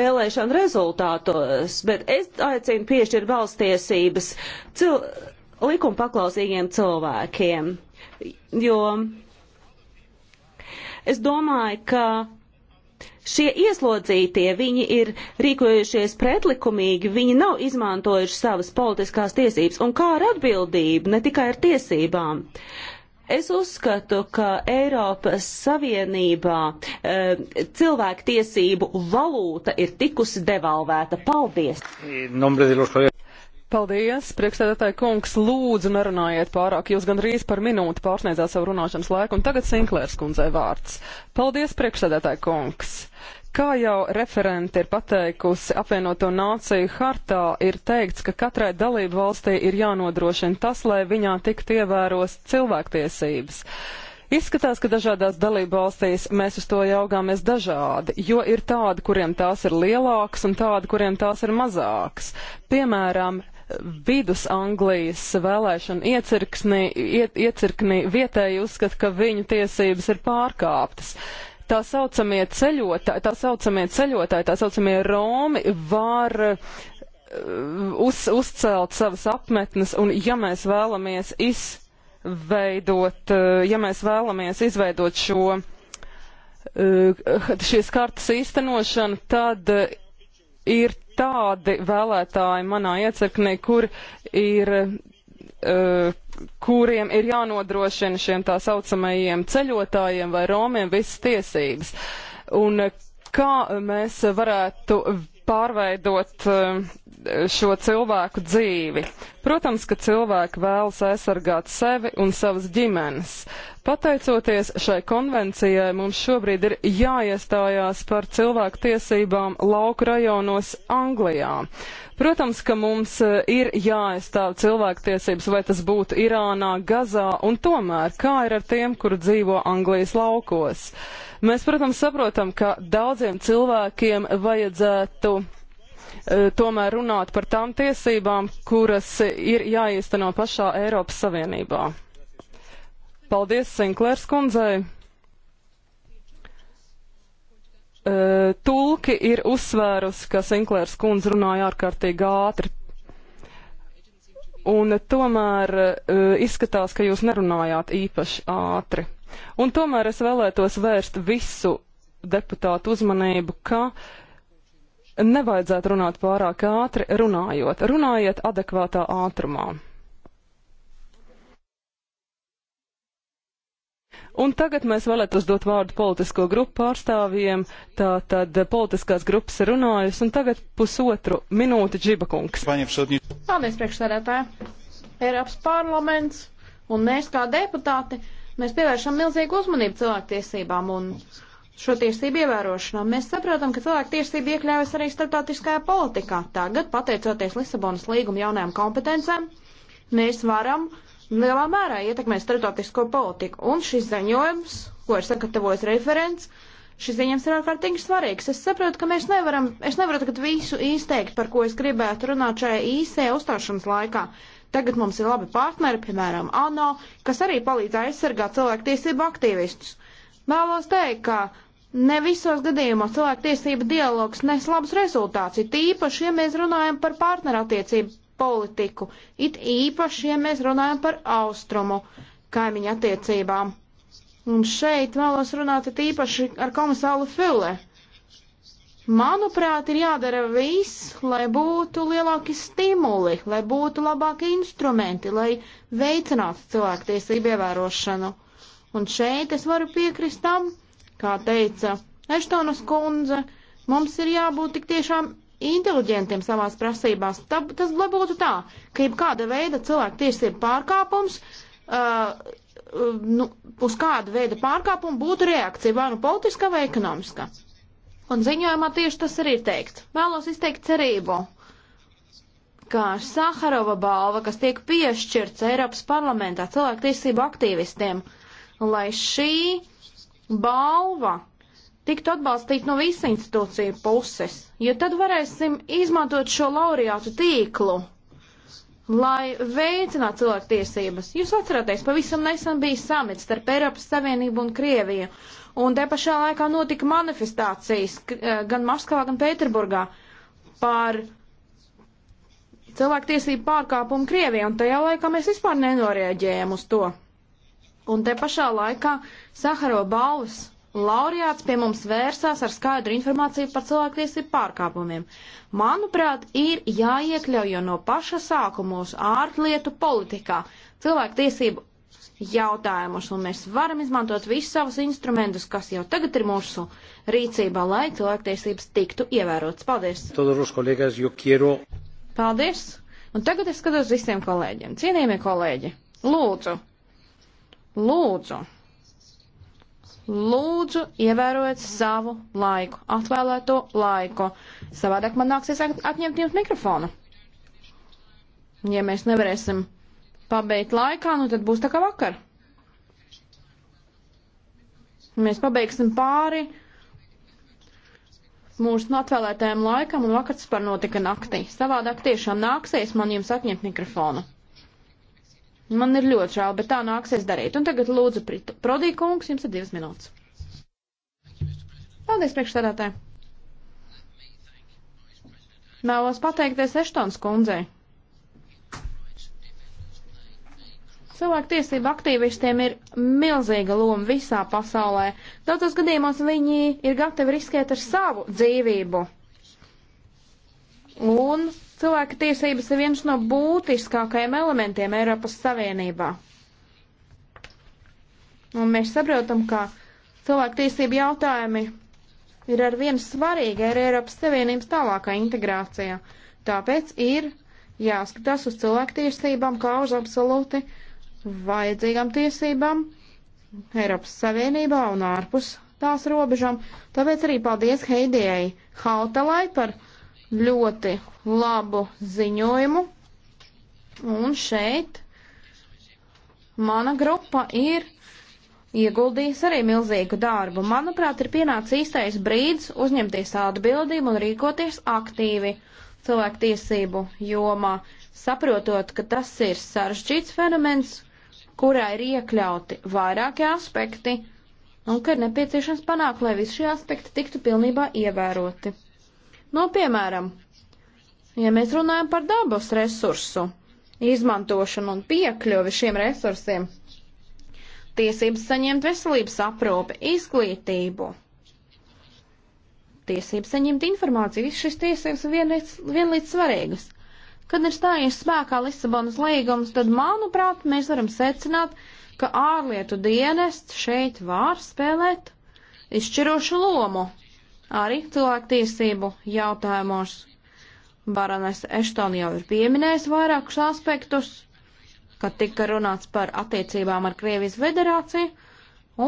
vēlēšanu rezultātos, bet es aicinu piešķirt valsts tiesības cil likuma paklausīgiem cilvēkiem jo es domāju, ka šie ieslodzītie, viņi ir rīkojušies pretlikumīgi, viņi nav izmantojuši savas politiskās tiesības, un kā ar atbildību, ne tikai ar tiesībām. Es uzskatu, ka Eiropas Savienībā e, cilvēktiesību valūta ir tikusi devalvēta. Paldies! Paldies, priekšsēdētāji kungs, lūdzu nerunājiet pārāk, jūs gandrīz par minūti pārsniedzāt savu runāšanas laiku, un tagad Sinklērs kundzei vārds. Paldies, priekšsēdētāji kungs. Kā jau referenti ir pateikusi, apvienoto nāciju hartā ir teikts, ka katrai dalību valstī ir jānodrošina tas, lai viņā tiktu ievēros cilvēktiesības. Izskatās, ka dažādās dalību valstīs mēs uz to jaugāmies dažādi, jo ir tādi, kuriem tās ir lielākas un tādi, kuriem tās ir mazākas. Piemēram, vidus Anglijas vēlēšana iecirknī, iet, iecirknī vietēji uzskata, ka viņu tiesības ir pārkāptas. Tā saucamie ceļotāji, tā saucamie, ceļotāji, tā saucamie Romi var uh, uz, uzcelt savas apmetnes, un ja mēs vēlamies izveidot, uh, ja mēs vēlamies izveidot šo, uh, šīs kartas īstenošanu, tad ir tādi vēlētāji manā iecirknī, kur ir e, kuriem ir jānodrošina šiem tā saucamajiem ceļotājiem vai romiem visas tiesības. Un kā mēs varētu pārveidot eh, šo cilvēku dzīvi. Protams, ka cilvēki vēlas aizsargāt sevi un savas ģimenes. Pateicoties šai konvencijai, mums šobrīd ir jāiestājās par cilvēku tiesībām lauku rajonos Anglijā. Protams, ka mums eh, ir jāaizstāv cilvēktiesības, vai tas būtu Irānā, Gazā, un tomēr kā ir ar tiem, kur dzīvo Anglijas laukos? Uh, Mēs, protams, saprotam, ka daudziem cilvēkiem vajadzētu e, tomēr runāt par tām tiesībām, kuras ir jāīsteno pašā Eiropas Savienībā. Paldies Sinklērs kundzei. E, tulki ir uzsvērusi, ka Sinklērs kundze runāja ārkārtīgi ātri. Un tomēr e, izskatās, ka jūs nerunājāt īpaši ātri. Un tomēr es vēlētos vērst visu deputātu uzmanību, ka nevajadzētu runāt pārāk ātri, runājot. Runājiet adekvātā ātrumā. Un tagad mēs vēlētos dot vārdu politisko grupu pārstāvjiem. Tā tad politiskās grupas ir runājusi, un tagad pusotru minūti Džibakungs. Paldies, priekšsēdētāji! Eiropas parlaments un mēs kā deputāti Mēs pievēršam milzīgu uzmanību cilvēktiesībām un šo tiesību ievērošanā. Mēs saprotam, ka cilvēktiesība iekļaujas arī starptautiskajā politikā. Tagad, pateicoties Lisabonas līguma jaunajām kompetencēm, mēs varam lielā mērā ietekmēt starptautisko politiku. Un šis ziņojums, ko ir sagatavojis referents, šis ziņojums ir ārkārtīgi svarīgs. Es saprotu, ka mēs nevaram, es nevaru tagad visu izteikt, par ko es gribētu runāt šajā īsajā uzstāšanas laikā. Tagad mums ir labi partneri, piemēram, ANO, kas arī palīdz aizsargāt cilvēktiesību aktīvistus. Vēlos teikt, ka ne visos gadījumos cilvēktiesība dialogs nes labus rezultātus, it īpaši, ja mēs runājam par partnerattiecību politiku, it īpaši, ja mēs runājam par austrumu kaimiņu attiecībām. Un šeit vēlos runāt īpaši ar komisāru Fille. Manuprāt, ir jādara viss, lai būtu lielāki stimuli, lai būtu labāki instrumenti, lai veicinātu cilvēktiesību ievērošanu. Un šeit es varu piekrist tam, kā teica Eštonas kundze, mums ir jābūt tik tiešām inteliģentiem savās prasībās. Tā, tas būtu tā, ka jebkāda veida cilvēktiesību pārkāpums. Uh, uh nu, uz kādu veidu pārkāpumu būtu reakcija, vai nu politiska, vai ekonomiska. Un ziņojumā tieši tas arī ir teikt. Vēlos izteikt cerību, ka Saharova balva, kas tiek piešķirts Eiropas parlamentā cilvēktiesību aktīvistiem, lai šī balva tiktu atbalstīta no visu institūciju puses, jo tad varēsim izmantot šo laureātu tīklu, lai veicinātu cilvēktiesības. Jūs atceraties, pavisam nesen bija samits starp Eiropas Savienību un Krieviju, Un te pašā laikā notika manifestācijas eh, gan Maskavā, gan Pēterburgā par cilvēktiesību pārkāpumu Krievijā, un tajā laikā mēs vispār nenorēģējam uz to. Un te pašā laikā Saharo balvas laureāts pie mums vērsās ar skaidru informāciju par cilvēktiesību pārkāpumiem. Manuprāt, ir jāiekļauj jau no paša sākumos ārlietu politikā cilvēktiesību jautājumus, un mēs varam izmantot visus savus instrumentus, kas jau tagad ir mūsu rīcībā, lai cilvēktiesības tiktu ievērotas. Paldies! Paldies! Un tagad es skatos visiem kolēģiem. Cienījamie kolēģi, lūdzu, lūdzu, lūdzu, ievērojiet savu laiku, atvēlēto laiku. Savādāk man nāksies atņemt jums mikrofonu. Ja mēs nevarēsim pabeigt laikā, nu tad būs tā kā vakar. Mēs pabeigsim pāri mūsu atvēlētajam laikam, un vakar tas par notika naktī. Savādāk tiešām nāksies man jums atņemt mikrofonu. Man ir ļoti žēl, bet tā nāksies darīt. Un tagad lūdzu, Prodī kungs, jums ir divas minūtes. Paldies, priekšstādātāji! Vēlos pateikties Eštons kundzei Cilvēku tiesību aktīvistiem ir milzīga loma visā pasaulē. Daudzos gadījumos viņi ir gatavi riskēt ar savu dzīvību. Un cilvēka tiesības ir viens no būtiskākajiem elementiem Eiropas Savienībā. Un mēs saprotam, ka cilvēku tiesību jautājumi ir ar vienu svarīgi ar Eiropas Savienības tālākā integrācijā. Tāpēc ir jāskatās uz cilvēktiesībām kā uz absolūti vajadzīgām tiesībām Eiropas Savienībā un ārpus tās robežām. Tāpēc arī paldies Heidijai Hautalai par ļoti labu ziņojumu. Un šeit mana grupa ir ieguldījis arī milzīgu darbu. Manuprāt, ir pienācis īstais brīdis uzņemties atbildību un rīkoties aktīvi cilvēktiesību jomā, saprotot, ka tas ir sarežģīts fenomens kurā ir iekļauti vairāki aspekti, un ka ir nepieciešams panākt, lai visi šie aspekti tiktu pilnībā ievēroti. Nu, no, piemēram, ja mēs runājam par dabas resursu izmantošanu un piekļuvi šiem resursiem, tiesības saņemt veselības aprūpi, izglītību, tiesības saņemt informāciju, visas šīs tiesības vienlīdz, vienlīdz svarīgas. Kad ir stājies spēkā Lisabonas līgums, tad, manuprāt, mēs varam secināt, ka ārlietu dienests šeit var spēlēt izšķirošu lomu arī cilvēktiesību jautājumos. Baronis Eštoni jau ir pieminējis vairākus aspektus, kad tika runāts par attiecībām ar Krievijas federāciju,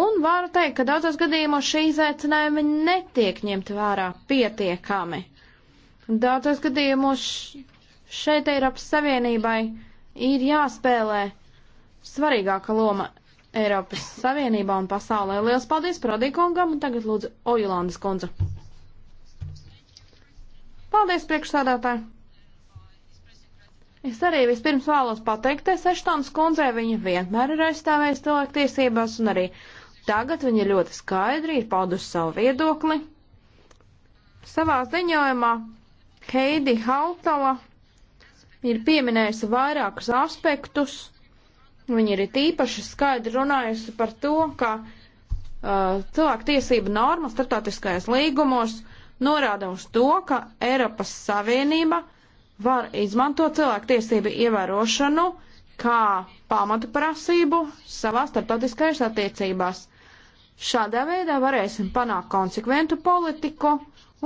un varu teikt, ka daudzos gadījumos šī izaicinājumi netiek ņemti vērā pietiekami. Daudzos gadījumos Šeit Eiropas Savienībai ir jāspēlē svarīgāka loma Eiropas Savienībā un pasaulē. Lielas paldies Prodīkungam un tagad lūdzu Ojulandes kundze. Paldies priekšsādātāji! Es arī vispirms vēlos pateikties Eštons kundzē, viņa vienmēr ir aizstāvējusi cilvēktiesībās un arī tagad viņa ļoti skaidri ir paudusi savu viedokli. Savā ziņojumā Heidi Hautala Viņa ir pieminējusi vairākus aspektus. Viņa ir īpaši skaidri runājusi par to, ka uh, cilvēku tiesību normas startautiskajos līgumos norāda uz to, ka Eiropas Savienība var izmantot cilvēku tiesību ievērošanu kā pamatu prasību savā startautiskajās attiecībās. Šādā veidā varēsim panākt konsekventu politiku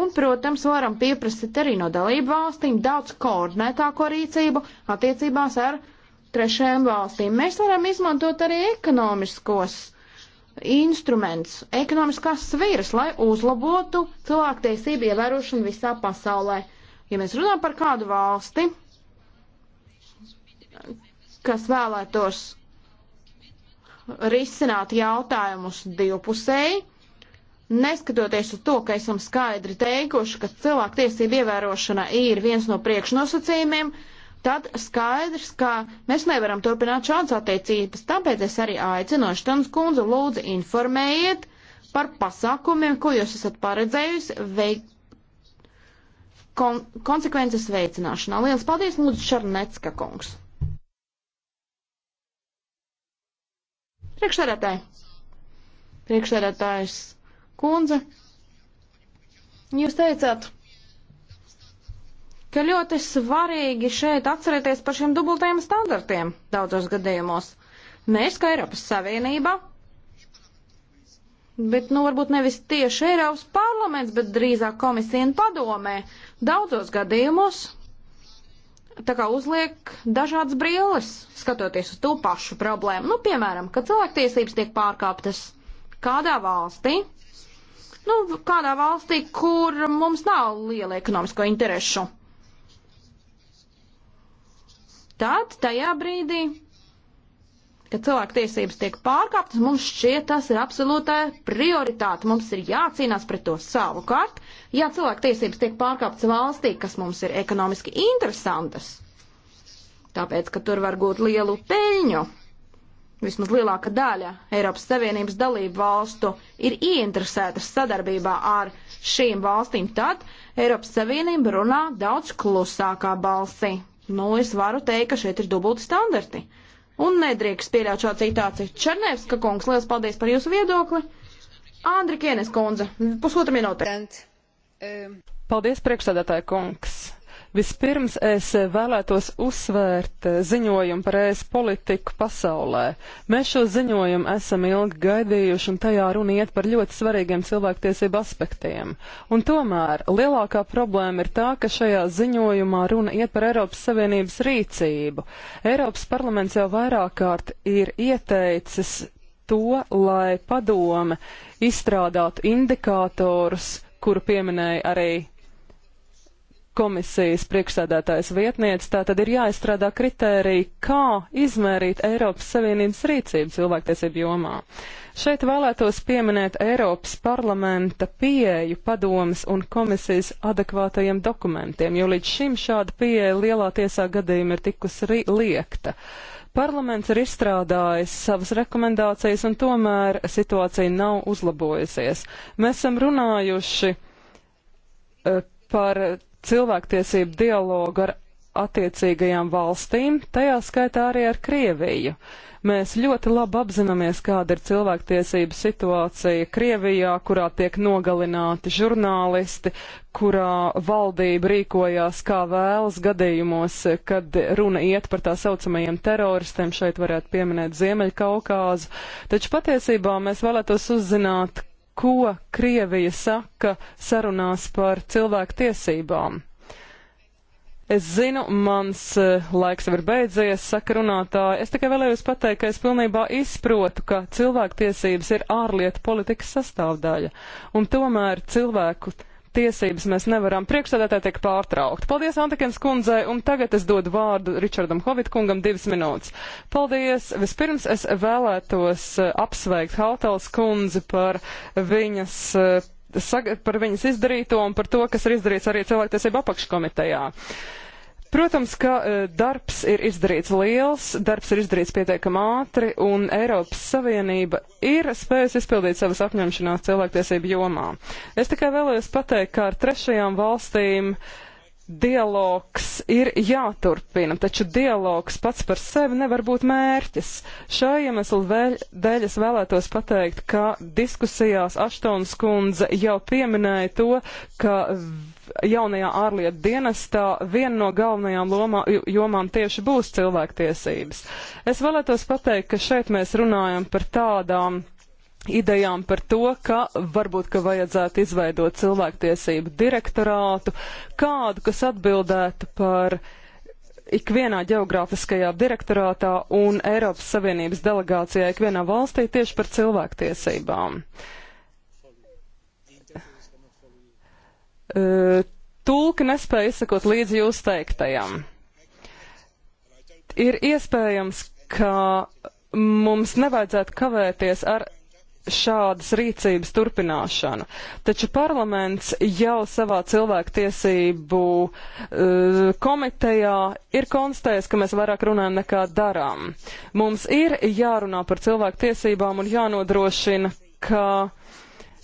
Un, protams, varam pieprasīt arī no dalību valstīm daudz koordinētāko rīcību attiecībās ar trešajām valstīm. Mēs varam izmantot arī ekonomiskos instruments, ekonomiskās sviras, lai uzlabotu cilvēktiesību ievērošanu visā pasaulē. Ja mēs runājam par kādu valsti, kas vēlētos risināt jautājumus divpusēji, Neskatoties uz to, ka esam skaidri teikuši, ka cilvēktiesība ievērošana ir viens no priekšnosacījumiem, tad skaidrs, ka mēs nevaram turpināt šādas attiecības. Tāpēc es arī aicinu Štans kundzu lūdzu informējiet par pasākumiem, ko jūs esat paredzējusi veikt kon konsekvences veicināšanā. Lielas paldies, lūdzu, Šarnecka kungs. Priekšsēdētāji. Priekšsēdētājs Kundze, jūs teicāt, ka ļoti svarīgi šeit atcerēties par šiem dubultajiem standartiem daudzos gadījumos. Mēs, kā Eiropas Savienība, bet, nu, varbūt nevis tieši Eiropas parlaments, bet drīzāk komisija un padomē, daudzos gadījumos tā kā uzliek dažādas brīles, skatoties uz to pašu problēmu. Nu, piemēram, kad cilvēktiesības tiek pārkāptas kādā valstī, nu, kādā valstī, kur mums nav liela ekonomisko interešu. Tad tajā brīdī, kad cilvēku tiesības tiek pārkāptas, mums šķiet tas ir absolūtā prioritāte. Mums ir jācīnās pret to savukārt. Ja cilvēku tiesības tiek pārkāptas valstī, kas mums ir ekonomiski interesantas, tāpēc, ka tur var gūt lielu peļņu vismaz lielāka daļa Eiropas Savienības dalību valstu ir ieinteresētas sadarbībā ar šīm valstīm, tad Eiropas Savienība runā daudz klusākā balsī. Nu, es varu teikt, ka šeit ir dubulti standarti. Un nedrīkst pieļaut šo citāciju. Černevska kungs, liels paldies par jūsu viedokli. Andri Kienes kundze, pusotra minūte. Paldies, priekšsēdētāja kungs. Vispirms es vēlētos uzsvērt eh, ziņojumu par ēs politiku pasaulē. Mēs šo ziņojumu esam ilgi gaidījuši, un tajā runa iet par ļoti svarīgiem cilvēktiesību aspektiem. Un tomēr lielākā problēma ir tā, ka šajā ziņojumā runa iet par Eiropas Savienības rīcību. Eiropas parlaments jau vairāk kārt ir ieteicis to, lai padome izstrādātu indikātorus, kuru pieminēja arī komisijas priekšsēdētājas vietniece, tā tad ir jāizstrādā kritērija, kā izmērīt Eiropas Savienības rīcību cilvēktiesību jomā. Šeit vēlētos pieminēt Eiropas parlamenta pieeju padomas un komisijas adekvātajiem dokumentiem, jo līdz šim šāda pieeja lielā tiesā gadījuma ir tikusi liekta. Parlaments ir izstrādājis savas rekomendācijas, un tomēr situācija nav uzlabojusies. Mēs esam runājuši uh, par cilvēktiesību dialogu ar attiecīgajām valstīm, tajā skaitā arī ar Krieviju. Mēs ļoti labi apzināmies, kāda ir cilvēktiesība situācija Krievijā, kurā tiek nogalināti žurnālisti, kurā valdība rīkojās kā vēlas gadījumos, kad runa iet par tā saucamajiem teroristiem, šeit varētu pieminēt Ziemeļkaukāzu. Taču patiesībā mēs vēlētos uzzināt, ko Krievija saka sarunās par cilvēku tiesībām. Es zinu, mans eh, laiks jau ir beidzies, saka runātāja. Es tikai vēlējos pateikt, ka es pilnībā izprotu, ka cilvēktiesības ir ārlietu politikas sastāvdaļa. Un tomēr cilvēku tiesības tiesības mēs nevaram. Priekšsēdētāji tiek pārtraukti. Paldies Antikens kundzei, un tagad es dodu vārdu Ričardam Hovitkungam divas minūtes. Paldies! Vispirms es vēlētos eh, apsveikt Hautals kundzi par viņas eh, par viņas izdarīto un par to, kas ir izdarīts arī cilvēktiesību apakškomitejā. Uh, Protams, ka e, darbs ir izdarīts liels, darbs ir izdarīts pietiekami ātri, un Eiropas Savienība ir spējusi izpildīt savas apņemšanās cilvēktiesību jomā. Es tikai vēlējos pateikt, ka ar trešajām valstīm dialogs ir jāturpina, taču dialogs pats par sevi nevar būt mērķis. Šā iemesla dēļ es vēlētos pateikt, ka diskusijās Aštons kundze jau pieminēja to, ka jaunajā ārlietu dienestā viena no galvenajām lomā, jomām tieši būs cilvēktiesības. Es vēlētos pateikt, ka šeit mēs runājam par tādām idejām par to, ka varbūt, ka vajadzētu izveidot cilvēktiesību direktorātu, kādu, kas atbildētu par ikvienā geogrāfiskajā direktorātā un Eiropas Savienības delegācijā ikvienā valstī tieši par cilvēktiesībām. Uh, Eh, tulka nespēja izsakot līdzi jūs teiktajam. Ir iespējams, ka mums nevajadzētu kavēties ar šādas rīcības turpināšanu. Taču parlaments jau savā cilvēktiesību uh, komitejā ir konstatējis, ka mēs vairāk runājam nekā darām. Mums ir jārunā par cilvēktiesībām un jānodrošina, ka uh,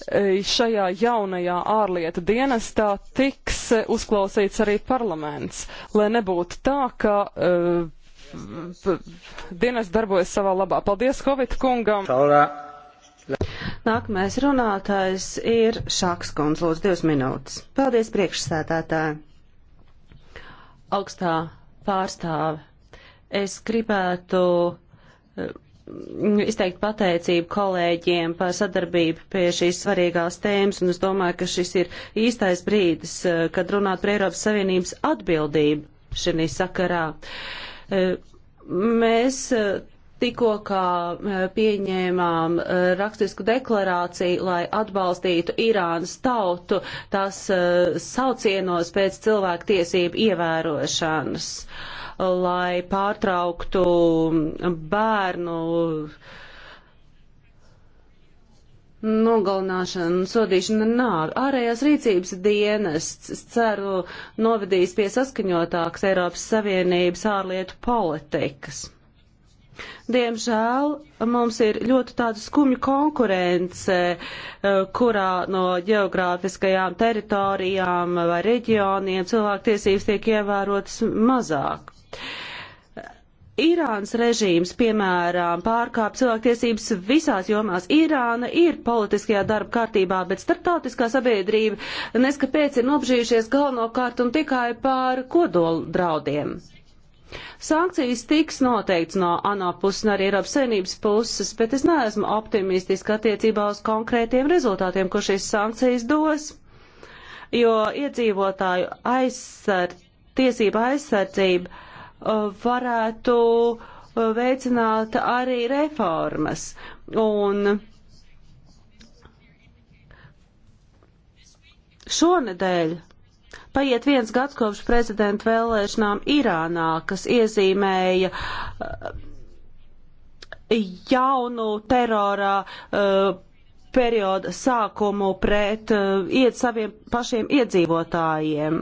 Eh, šajā jaunajā ārlietu dienestā tiks eh, uzklausīts arī parlaments, lai nebūtu tā, ka uh, dienas darbojas savā labā. Paldies Hovita kungam! Nākamais runātājs ir Šāks kundz, lūdzu, divas minūtes. Paldies priekšsētātāji! Augstā pārstāve, es gribētu uh, izteikt pateicību kolēģiem par sadarbību pie šīs svarīgās tēmas, un es domāju, ka šis ir īstais brīdis, eh, kad runāt par Eiropas Savienības atbildību šī sakarā. Eh, mēs eh, tikko kā pieņēmām rakstisku deklarāciju, lai atbalstītu Irānas tautu tās saucienos pēc cilvēktiesību ievērošanas. Uh, lai pārtrauktu bērnu nogalināšanu un sodīšanu ar nāru. Ārējās rīcības dienests, es ceru, novedīs pie saskaņotākas Eiropas Savienības ārlietu politikas. Diemžēl mums ir ļoti tāda skumja konkurence, eh, kurā no geogrāfiskajām teritorijām vai reģioniem cilvēktiesības tiek ievērotas mazāk. Irānas režīms, piemēram, pārkāp cilvēktiesības visās jomās. Irāna ir politiskajā darba kārtībā, bet starptautiskā sabiedrība neskapēc ir nobžījušies galvenokārt un tikai pār kodolu draudiem. Sankcijas tiks noteikts no ANO puses un arī Eiropas savinības puses, bet es neesmu optimistiski attiecībā uz konkrētiem rezultātiem, ko šīs sankcijas dos, jo iedzīvotāju aizsardz, tiesība aizsardzība varētu uh, veicināt arī reformas. Un šonedēļ paiet viens gads kopš prezidenta vēlēšanām Irānā, kas iezīmēja uh, jaunu terorā uh, perioda sākumu pret iet saviem pašiem iedzīvotājiem.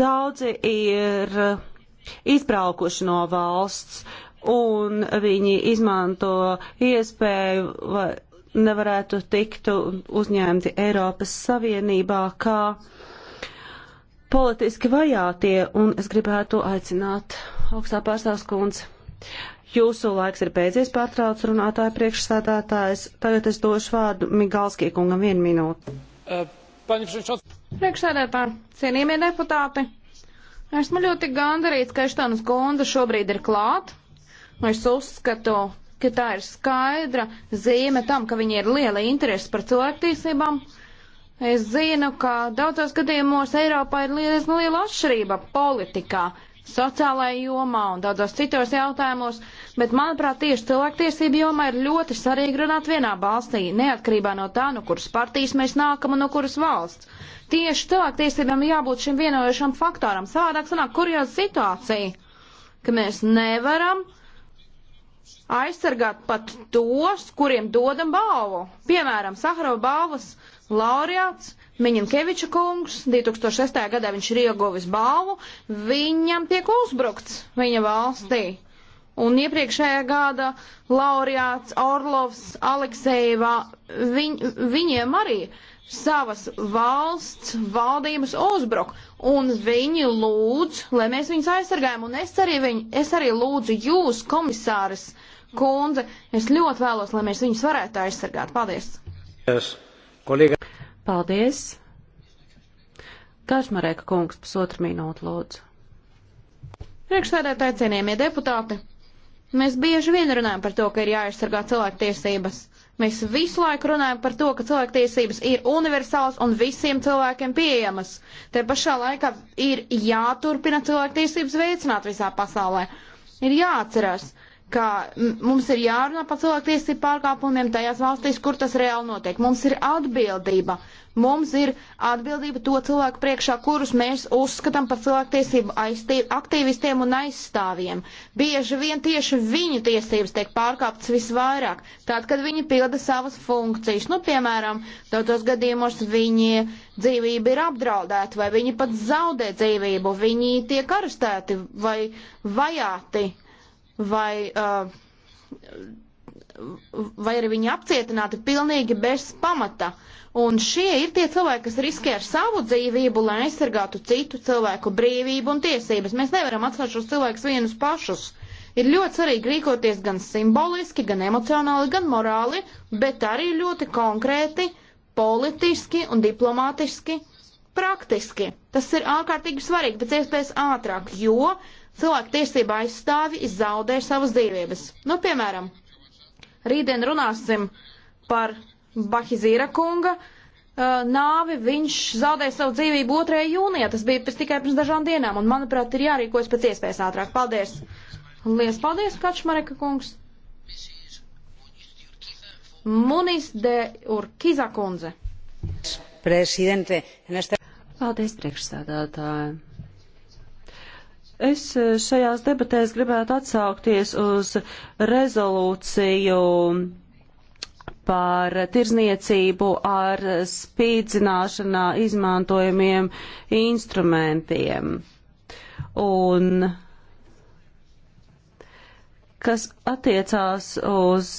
Daudzi ir izbraukuši no valsts, un viņi izmanto iespēju, vai nevarētu tikt uzņemti Eiropas Savienībā kā politiski vajātie, un es gribētu aicināt augstā pārstāvs kundze. Jūsu laiks ir beidzies, pārtrauc runātāja priekšsēdētājs. Tagad es došu vārdu Migalskī kungam vienu minūtu. Uh, Priekšsēdētāji, cienījamie deputāti, Esmu ļoti gandarīts, ka Eštānas Gonda šobrīd ir klāt. Es uzskatu, ka tā ir skaidra zīme tam, ka viņi ir liela interese par cilvēktiesībām. Es zinu, ka daudzos gadījumos Eiropā ir diezgan liela atšķirība politikā sociālajā jomā un daudzos citos jautājumos, bet, manuprāt, tieši cilvēktiesība jomā ir ļoti svarīgi runāt vienā balstī, neatkarībā no tā, no kuras partijas mēs nākam un no kuras valsts. Tieši cilvēktiesībām jābūt šim vienojošam faktoram. Savādāk sanāk kurjās situācija, ka mēs nevaram uh, aizsargāt pat tos, kuriem dodam balvu. Piemēram, Saharova balvas laureāts Miņinkeviča kungs, 2006. gadā viņš ir ieguvis balvu, viņam tiek uzbrukts viņa valstī. Mm. Un iepriekšējā gada laureāts Orlovs, Aleksejevā, viņ, viņiem arī savas valsts valdības uzbruk. Un viņi lūdz, lai mēs viņus aizsargājam. Un es arī, viņu, es arī lūdzu jūs, komisāris kundze, es ļoti vēlos, lai mēs viņus varētu aizsargāt. Paldies! Paldies! Kašmarēka kungs, pusotru minūtu lūdzu. Priekšsēdētāji, cienījamie deputāti! Mēs bieži vien runājam par to, ka ir jāaizsargā cilvēktiesības. Mēs visu laiku runājam par to, ka cilvēktiesības ir universāls un visiem cilvēkiem pieejamas. Te pašā laikā ir jāturpina cilvēktiesības veicināt visā pasaulē. Ir jāatcerās, uh, ka mums ir jārunā par cilvēktiesību pārkāpumiem tajās valstīs, kur tas reāli notiek. Mums ir atbildība. Mums ir atbildība to cilvēku priekšā, kurus mēs uzskatām par cilvēktiesību aktīvistiem un aizstāvjiem. Bieži vien tieši viņu tiesības tiek pārkāptas visvairāk, tad, kad viņi pilda savas funkcijas. Nu, piemēram, tādos gadījumos viņi dzīvība ir apdraudēta vai viņi pat zaudē dzīvību, viņi tiek arestēti vai vajāti. Uh, vai, uh, vai arī viņi apcietināti pilnīgi bez pamata. Un šie ir tie cilvēki, kas riskē ar savu dzīvību, lai aizsargātu citu cilvēku brīvību un tiesības. Mēs nevaram atstāt šos cilvēkus vienus pašus. Ir ļoti svarīgi rīkoties gan simboliski, gan emocionāli, gan morāli, bet arī ļoti konkrēti, politiski un diplomātiski praktiski. Tas ir ārkārtīgi svarīgi, pēc iespējas ātrāk, jo cilvēku tiesība aizstāvi zaudē savas dzīvības. Nu, piemēram, rītdien runāsim par Bahizīra kunga uh, nāvi. Viņš zaudēja savu dzīvību 2. jūnijā. Tas bija pirms tikai pirms dažām dienām. Un, manuprāt, ir jārīkojas pēc iespējas ātrāk. Paldies! Lielas paldies, Kačmareka kungs! Munis de Urkiza kundze. Paldies, priekšsādātāji! Es eh, šajās debatēs gribētu atsaukties uz rezolūciju par tirzniecību ar spīdzināšanā izmantojamiem instrumentiem. Un kas attiecās uz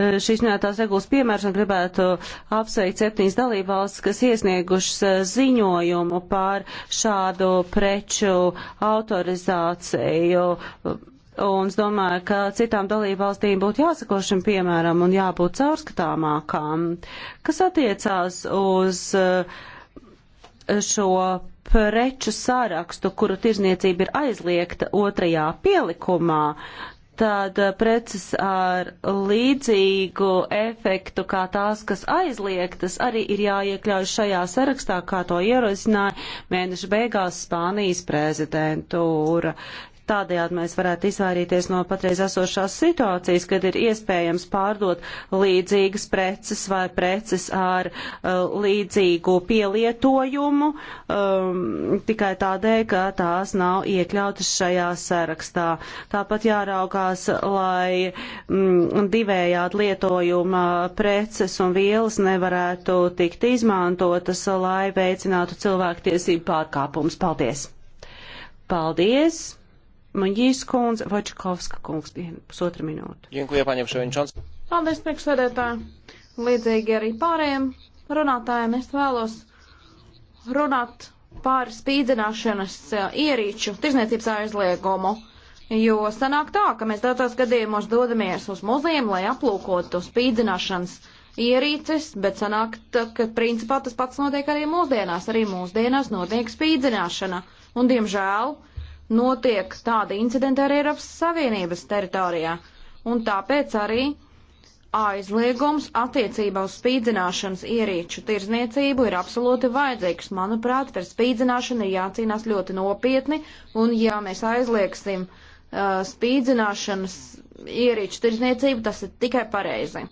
Eh, šīs minētās regulas piemērs un gribētu apsveikt septiņas dalībvalstis, kas iesniegušas eh, ziņojumu par šādu preču autorizāciju. Un es domāju, ka citām dalībvalstīm būtu jāsako šim piemēram un jābūt caurskatāmākām. Kas attiecās uz eh, šo preču sārakstu, kuru tirzniecība ir aizliegta otrajā pielikumā, tad eh, preces ar līdzīgu efektu kā tās, kas aizliegtas, arī ir jāiekļauj šajā sarakstā, kā to ierosināja mēneša beigās Spānijas prezidentūra. Tādējādi mēs varētu izvairīties no patreiz esošās situācijas, kad ir iespējams pārdot līdzīgas preces vai preces ar uh, līdzīgu pielietojumu um, tikai tādēļ, ka tās nav iekļautas šajā sarakstā. Tāpat jāraugās, lai mm, divējādi lietojuma preces un vielas nevarētu tikt izmantotas, lai veicinātu cilvēktiesību pārkāpumus. Paldies! Paldies! Maģijas kundze, Vačakovska kungs, pusotra minūte. Dziękuję, paņem ševiņčons. Paldies, priekšsēdētāji. Līdzīgi arī pārējiem runātājiem es vēlos runāt par spīdzināšanas eh, ierīču tirzniecības aizliegumu. Jo sanāk tā, ka mēs daudzos gadījumos dodamies uz muzejiem, lai aplūkotu spīdzināšanas ierīces, bet sanāk, tā, ka principā tas pats notiek arī mūsdienās. Arī mūsdienās notiek spīdzināšana. Un, diemžēl, uh, notiek tādi incidenti arī Eiropas Savienības teritorijā, un tāpēc arī aizliegums attiecībā uz spīdzināšanas ierīču tirzniecību ir absolūti vajadzīgs. Manuprāt, par spīdzināšanu ir jācīnās ļoti nopietni, un ja mēs aizliegsim uh, spīdzināšanas ierīču tirzniecību, tas ir tikai pareizi.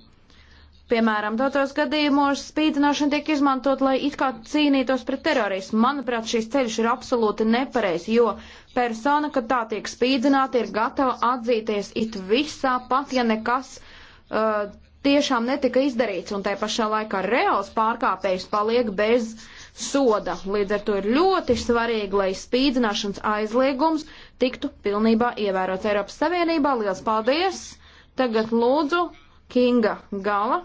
Piemēram, dotos gadījumos spīdzināšana tiek izmantot, lai it kā cīnītos pret terorismu. Manuprāt, šīs ceļš ir absolūti nepareizs, jo persona, kad tā tiek spīdzināta, ir gatava atzīties it visā, pat ja nekas uh, tiešām netika izdarīts, un tai pašā laikā reāls pārkāpējs paliek bez soda. Līdz ar to ir ļoti svarīgi, lai spīdzināšanas aizliegums tiktu pilnībā ievērots Eiropas Savienībā. Liels paldies! Tagad lūdzu Kinga Gala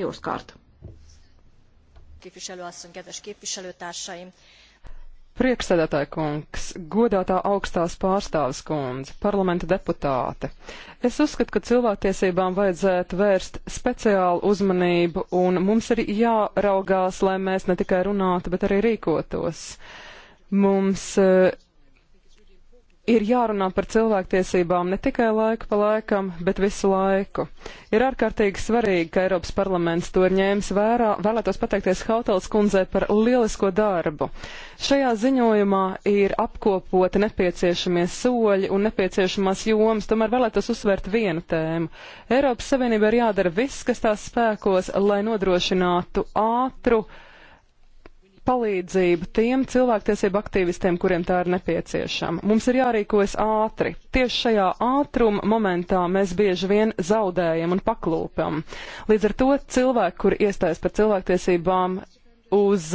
Jūsu kārta. Priekšsēdētāja kungs, godātā augstās pārstāvis kundze, parlamenta deputāte. Es uzskatu, ka cilvēktiesībām vajadzētu vērst speciālu uzmanību un mums ir jāraugās, lai mēs ne tikai runātu, bet arī rīkotos. Mums eh, ir jārunā par cilvēktiesībām ne tikai laiku pa laikam, bet visu laiku. Ir ārkārtīgi svarīgi, ka Eiropas parlaments to ir ņēmis vērā. Vēlētos pateikties Hautals kundzē par lielisko darbu. Šajā ziņojumā ir apkopoti nepieciešamie soļi un nepieciešamās jomas, tomēr vēlētos uzsvērt vienu tēmu. Eiropas Savienība ir jādara viss, kas tās spēkos, lai nodrošinātu ātru, palīdzību tiem cilvēktiesību aktīvistiem, kuriem tā ir nepieciešama. Mums ir jārīkojas ātri. Tieši šajā ātruma momentā mēs bieži vien zaudējam un paklūpam. Līdz ar to cilvēki, kur iestājas par cilvēktiesībām uz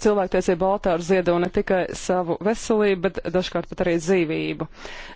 cilvēktiesību altāru ziedo ne tikai savu veselību, bet dažkārt pat arī dzīvību.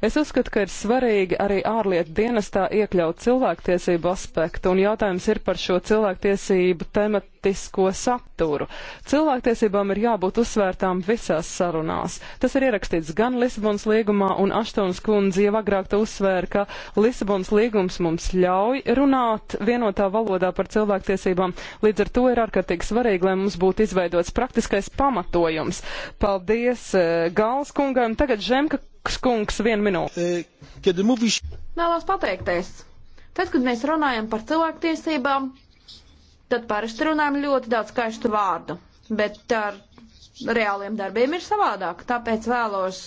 Es uzskatu, ka ir svarīgi arī ārlietu dienestā iekļaut cilvēktiesību aspektu, un jautājums ir par šo cilvēktiesību tematu politisko saturu. Cilvēktiesībām ir jābūt uzsvērtām visās sarunās. Tas ir ierakstīts gan Lisabonas līgumā, un Aštons kundze jau agrāk to uzsvēra, ka Lisabonas līgums mums ļauj runāt vienotā valodā par cilvēktiesībām. Līdz ar to ir ārkārtīgi svarīgi, lai mums būtu izveidots praktiskais pamatojums. Paldies eh, Gāls kungam. Tagad Žemka kungs vienu minūti. Eh, Vēlos pateikties. Tad, kad mēs runājam par cilvēktiesībām, tad parasti runājam ļoti daudz skaistu vārdu, bet ar reāliem darbiem ir savādāk. Tāpēc vēlos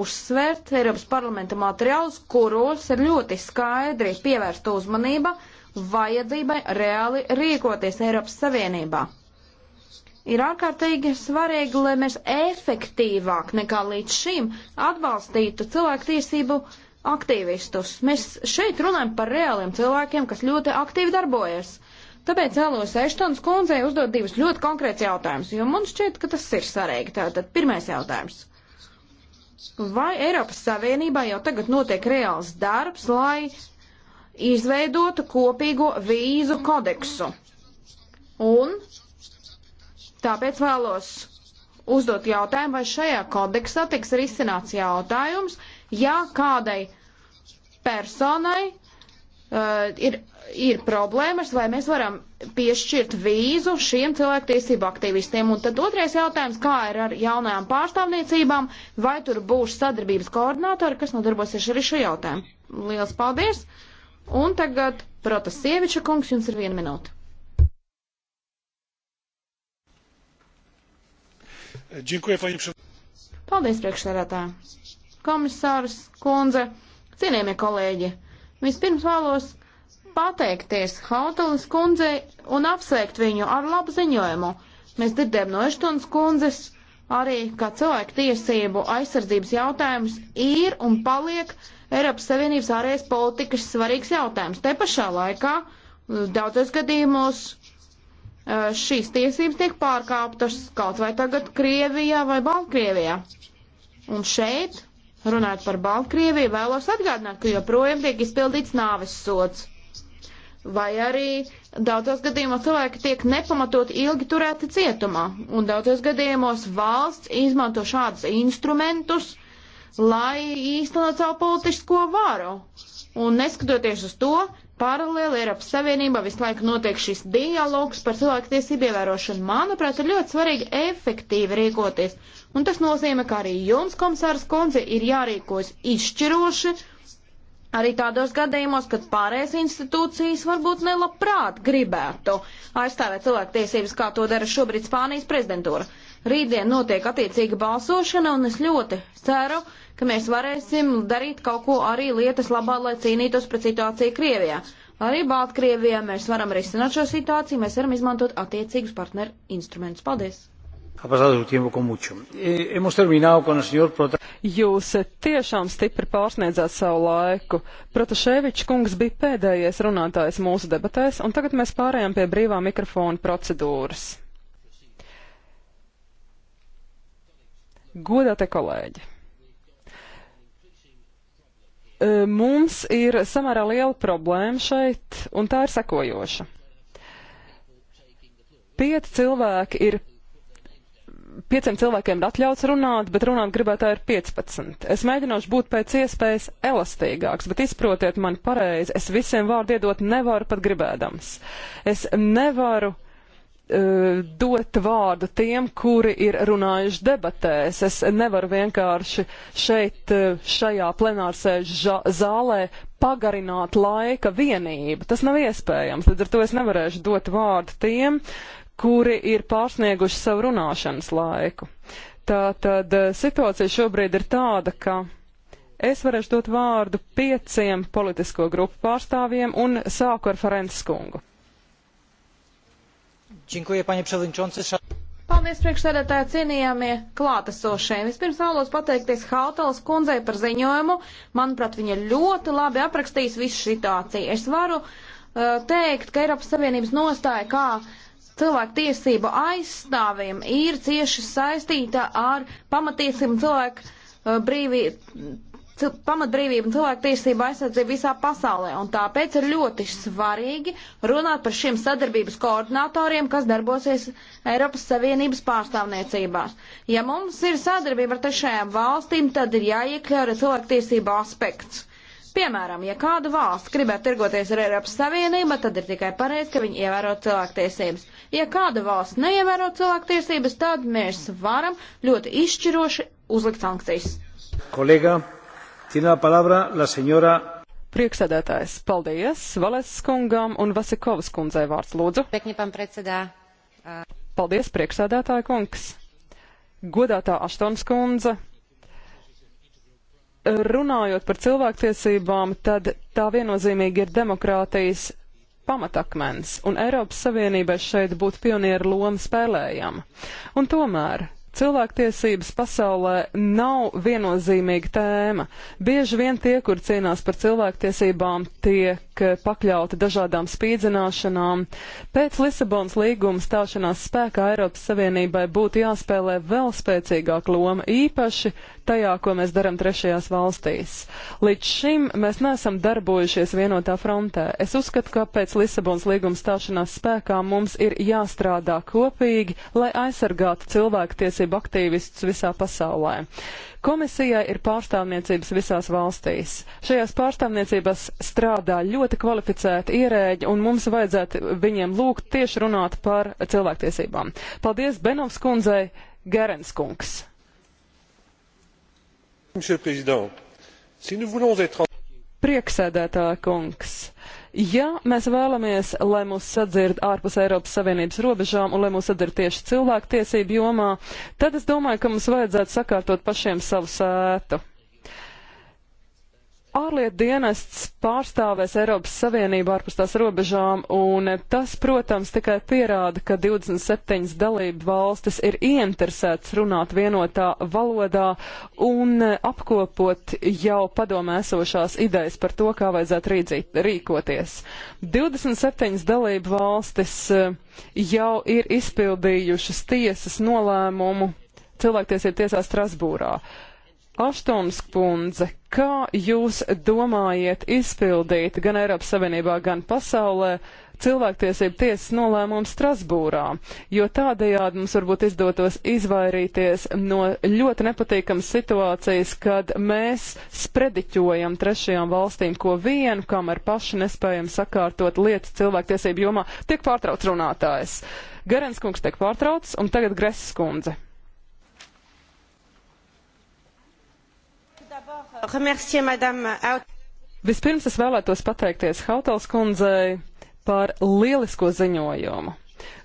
uzsvērt Eiropas parlamenta materiālus, kuros ir ļoti skaidri pievērsta uzmanība vajadzībai reāli rīkoties Eiropas Savienībā. Ir ārkārtīgi svarīgi, lai mēs efektīvāk nekā līdz šim atbalstītu cilvēktiesību aktīvistus. Mēs šeit runājam par reāliem cilvēkiem, kas ļoti aktīvi darbojas. Tāpēc vēlos Eštons kundzei uzdot divus ļoti konkrēts jautājumus, jo man šķiet, ka tas ir svarīgi. Tātad pirmais jautājums. Vai Eiropas Savienībā jau tagad notiek reāls darbs, lai izveidotu kopīgo vīzu kodeksu? Un tāpēc vēlos uzdot jautājumu, vai šajā kodeksā tiks risināts jautājums, ja kādai personai uh, ir ir problēmas, vai mēs varam piešķirt vīzu šiem cilvēktiesību aktīvistiem. Un tad otrais jautājums, kā ir ar jaunajām pārstāvniecībām, vai tur būs sadarbības koordinātori, kas nodarbosies arī šo jautājumu. Lielas paldies! Un tagad Protasieviča kungs, jums ir viena minūte. Paldies, priekšsēdētāji! Komisārs, kundze, cienījamie kolēģi! Vispirms vēlos pateikties Hautalas kundzei un apsveikt viņu ar labu ziņojumu. Mēs dzirdējam no Eštonas kundzes arī, ka cilvēku tiesību aizsardzības jautājums ir un paliek Eiropas Savienības ārējas politikas svarīgs jautājums. Te pašā laikā daudzos gadījumos šīs tiesības tiek pārkāptas kaut vai tagad Krievijā vai Baltkrievijā. Un šeit, runājot par Baltkrieviju, vēlos atgādināt, ka joprojām tiek izpildīts nāves sots vai arī daudzos gadījumos cilvēki tiek nepamatot ilgi turēti cietumā, un daudzos gadījumos valsts izmanto šādus instrumentus, lai īstenot savu politisko varu. Un neskatoties uz to, paralēli Eiropas Savienībā visu laiku notiek šis dialogs par cilvēku tiesību ievērošanu. Manuprāt, ir ļoti svarīgi efektīvi rīkoties. Un tas nozīmē, ka arī jums, komisārs Konze, ir jārīkojas izšķiroši Arī tādos gadījumos, kad pārējais institūcijas varbūt nelabprāt gribētu aizstāvēt cilvēktiesības, kā to dara šobrīd Spānijas prezidentūra. Rītdien notiek attiecīga balsošana, un es ļoti ceru, ka mēs varēsim darīt kaut ko arī lietas labā, lai cīnītos pret situāciju Krievijā. Arī Baltkrievijā mēs varam risināt šo situāciju, mēs varam izmantot attiecīgus partneru instrumentus. Paldies! Eh, Jūs tiešām stipri pārsniedzāt savu laiku. Protaševičs kungs bija pēdējais runātājs mūsu debatēs, un tagad mēs pārējām pie brīvā mikrofona procedūras. Godātie kolēģi! E, mums ir samērā liela problēma šeit, un tā ir sekojoša. Pieci cilvēki ir 500 cilvēkiem ir atļauts runāt, bet runāt gribētāji ir 15. Es mēģināšu būt pēc iespējas elastīgāks, bet izprotiet mani pareizi, es visiem vārdu iedot nevaru pat gribēdams. Es nevaru uh, dot vārdu tiem, kuri ir runājuši debatēs. Es nevaru vienkārši šeit, uh, šajā plenārsēžu zālē pagarināt laika vienību. Tas nav iespējams, līdz ar to es nevarēšu dot vārdu tiem, uh, kuri ir pārsnieguši savu runāšanas laiku. Tātad eh, situācija šobrīd ir tāda, ka es varēšu dot vārdu pieciem politisko grupu pārstāvjiem un sāku ar Ferenskungu. Paldies priekšsēdētāji cienījamie klātesošie. Vispirms vēlos pateikties Hautalas kundzei par ziņojumu. Manuprāt, viņa ļoti labi aprakstīs visu situāciju. Es varu uh, teikt, ka Eiropas Savienības nostāja kā uh, cilvēku tiesību aizstāvjiem ir cieši saistīta ar pamatiesību cilvēku uh, brīvī, cil, pamatbrīvību un cilvēku tiesību aizsardzību visā pasaulē. Un tāpēc ir ļoti svarīgi runāt par šiem sadarbības koordinatoriem, kas darbosies Eiropas Savienības pārstāvniecībās. Ja mums ir sadarbība ar trešajām valstīm, tad ir jāiekļauj arī cilvēku tiesību aspekts. Piemēram, ja kāda valsts gribētu tirgoties ar Eiropas Savienību, tad ir tikai pareizi, ka viņi ievēro cilvēktiesības. Ja kāda valsts neievēro cilvēktiesības, tad mēs varam ļoti izšķiroši uzlikt sankcijas. Kolēga, tiene la palabra la señora. Prieksēdētājs, paldies Valēsas kungam un Vasikovas kundzei vārds lūdzu. Pekņipam precedā. Paldies, prieksēdētāja kungs. Godātā Aštons kundze, runājot par cilvēktiesībām, tad tā viennozīmīgi ir demokrātijas pamatakmens, un Eiropas Savienībai šeit būtu pionieru loma spēlējama. Un tomēr Cilvēktiesības pasaulē nav viennozīmīga tēma. Bieži vien tie, kur cīnās par cilvēktiesībām, tiek pakļauti dažādām spīdzināšanām. Pēc Lisabonas līguma stāšanās spēkā Eiropas Savienībai būtu jāspēlē vēl spēcīgāk loma, īpaši tajā, ko mēs darām trešajās valstīs. Līdz šim mēs neesam darbojušies vienotā frontē. Es uzskatu, ka pēc Lisabonas līguma stāšanās spēkā mums ir jāstrādā kopīgi, lai aizsargātu cilvēktiesības tiesību aktīvistus visā pasaulē. Komisijai ir pārstāvniecības visās valstīs. Šajās pārstāvniecībās strādā ļoti kvalificēti ierēģi, un mums vajadzētu viņiem lūgt tieši runāt par cilvēktiesībām. Paldies Benovs kundzei, Gerens kungs. Prieksēdētāja kungs. Ja mēs vēlamies, lai mūs sadzird ārpus Eiropas Savienības robežām un lai mūs sadzird tieši cilvēku tiesību jomā, tad es domāju, ka mums vajadzētu sakārtot pašiem savu sētu. Ārlietu dienests pārstāvēs Eiropas Savienību ārpus tās robežām, un tas, protams, tikai pierāda, ka 27 dalību valstis ir ieinteresēts runāt vienotā valodā un apkopot jau padomē esošās idejas par to, kā vajadzētu rīdzīt, rīkoties. 27 dalību valstis eh, jau ir izpildījušas tiesas nolēmumu cilvēktiesību tiesā Strasbūrā. Uh, Aštonskundze, kā jūs domājiet izpildīt gan Eiropas Savienībā, gan pasaulē cilvēktiesību tiesas nolēmumu Strasbūrā, jo tādējādi mums varbūt izdotos izvairīties no ļoti nepatīkamas situācijas, kad mēs sprediķojam trešajām valstīm ko vienu, kamēr paši nespējam sakārtot lietas cilvēktiesību jomā. Tiek pārtrauc runātājs. Garenskungs tiek pārtrauc, un tagad Gressskundze. Vispirms es vēlētos pateikties Hautals kundzei par lielisko ziņojumu.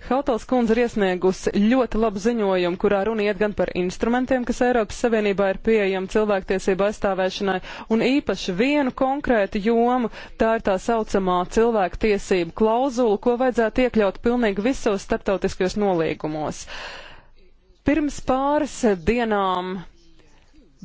Hautals kundze ir iesniegusi ļoti labu ziņojumu, kurā runa iet gan par instrumentiem, kas Eiropas Savienībā ir pieejami cilvēktiesību aizstāvēšanai, un īpaši vienu konkrētu jomu, tā ir tā saucamā cilvēktiesību klauzula, ko vajadzētu iekļaut pilnīgi visos starptautiskajos nolīgumos. Pirms pāris dienām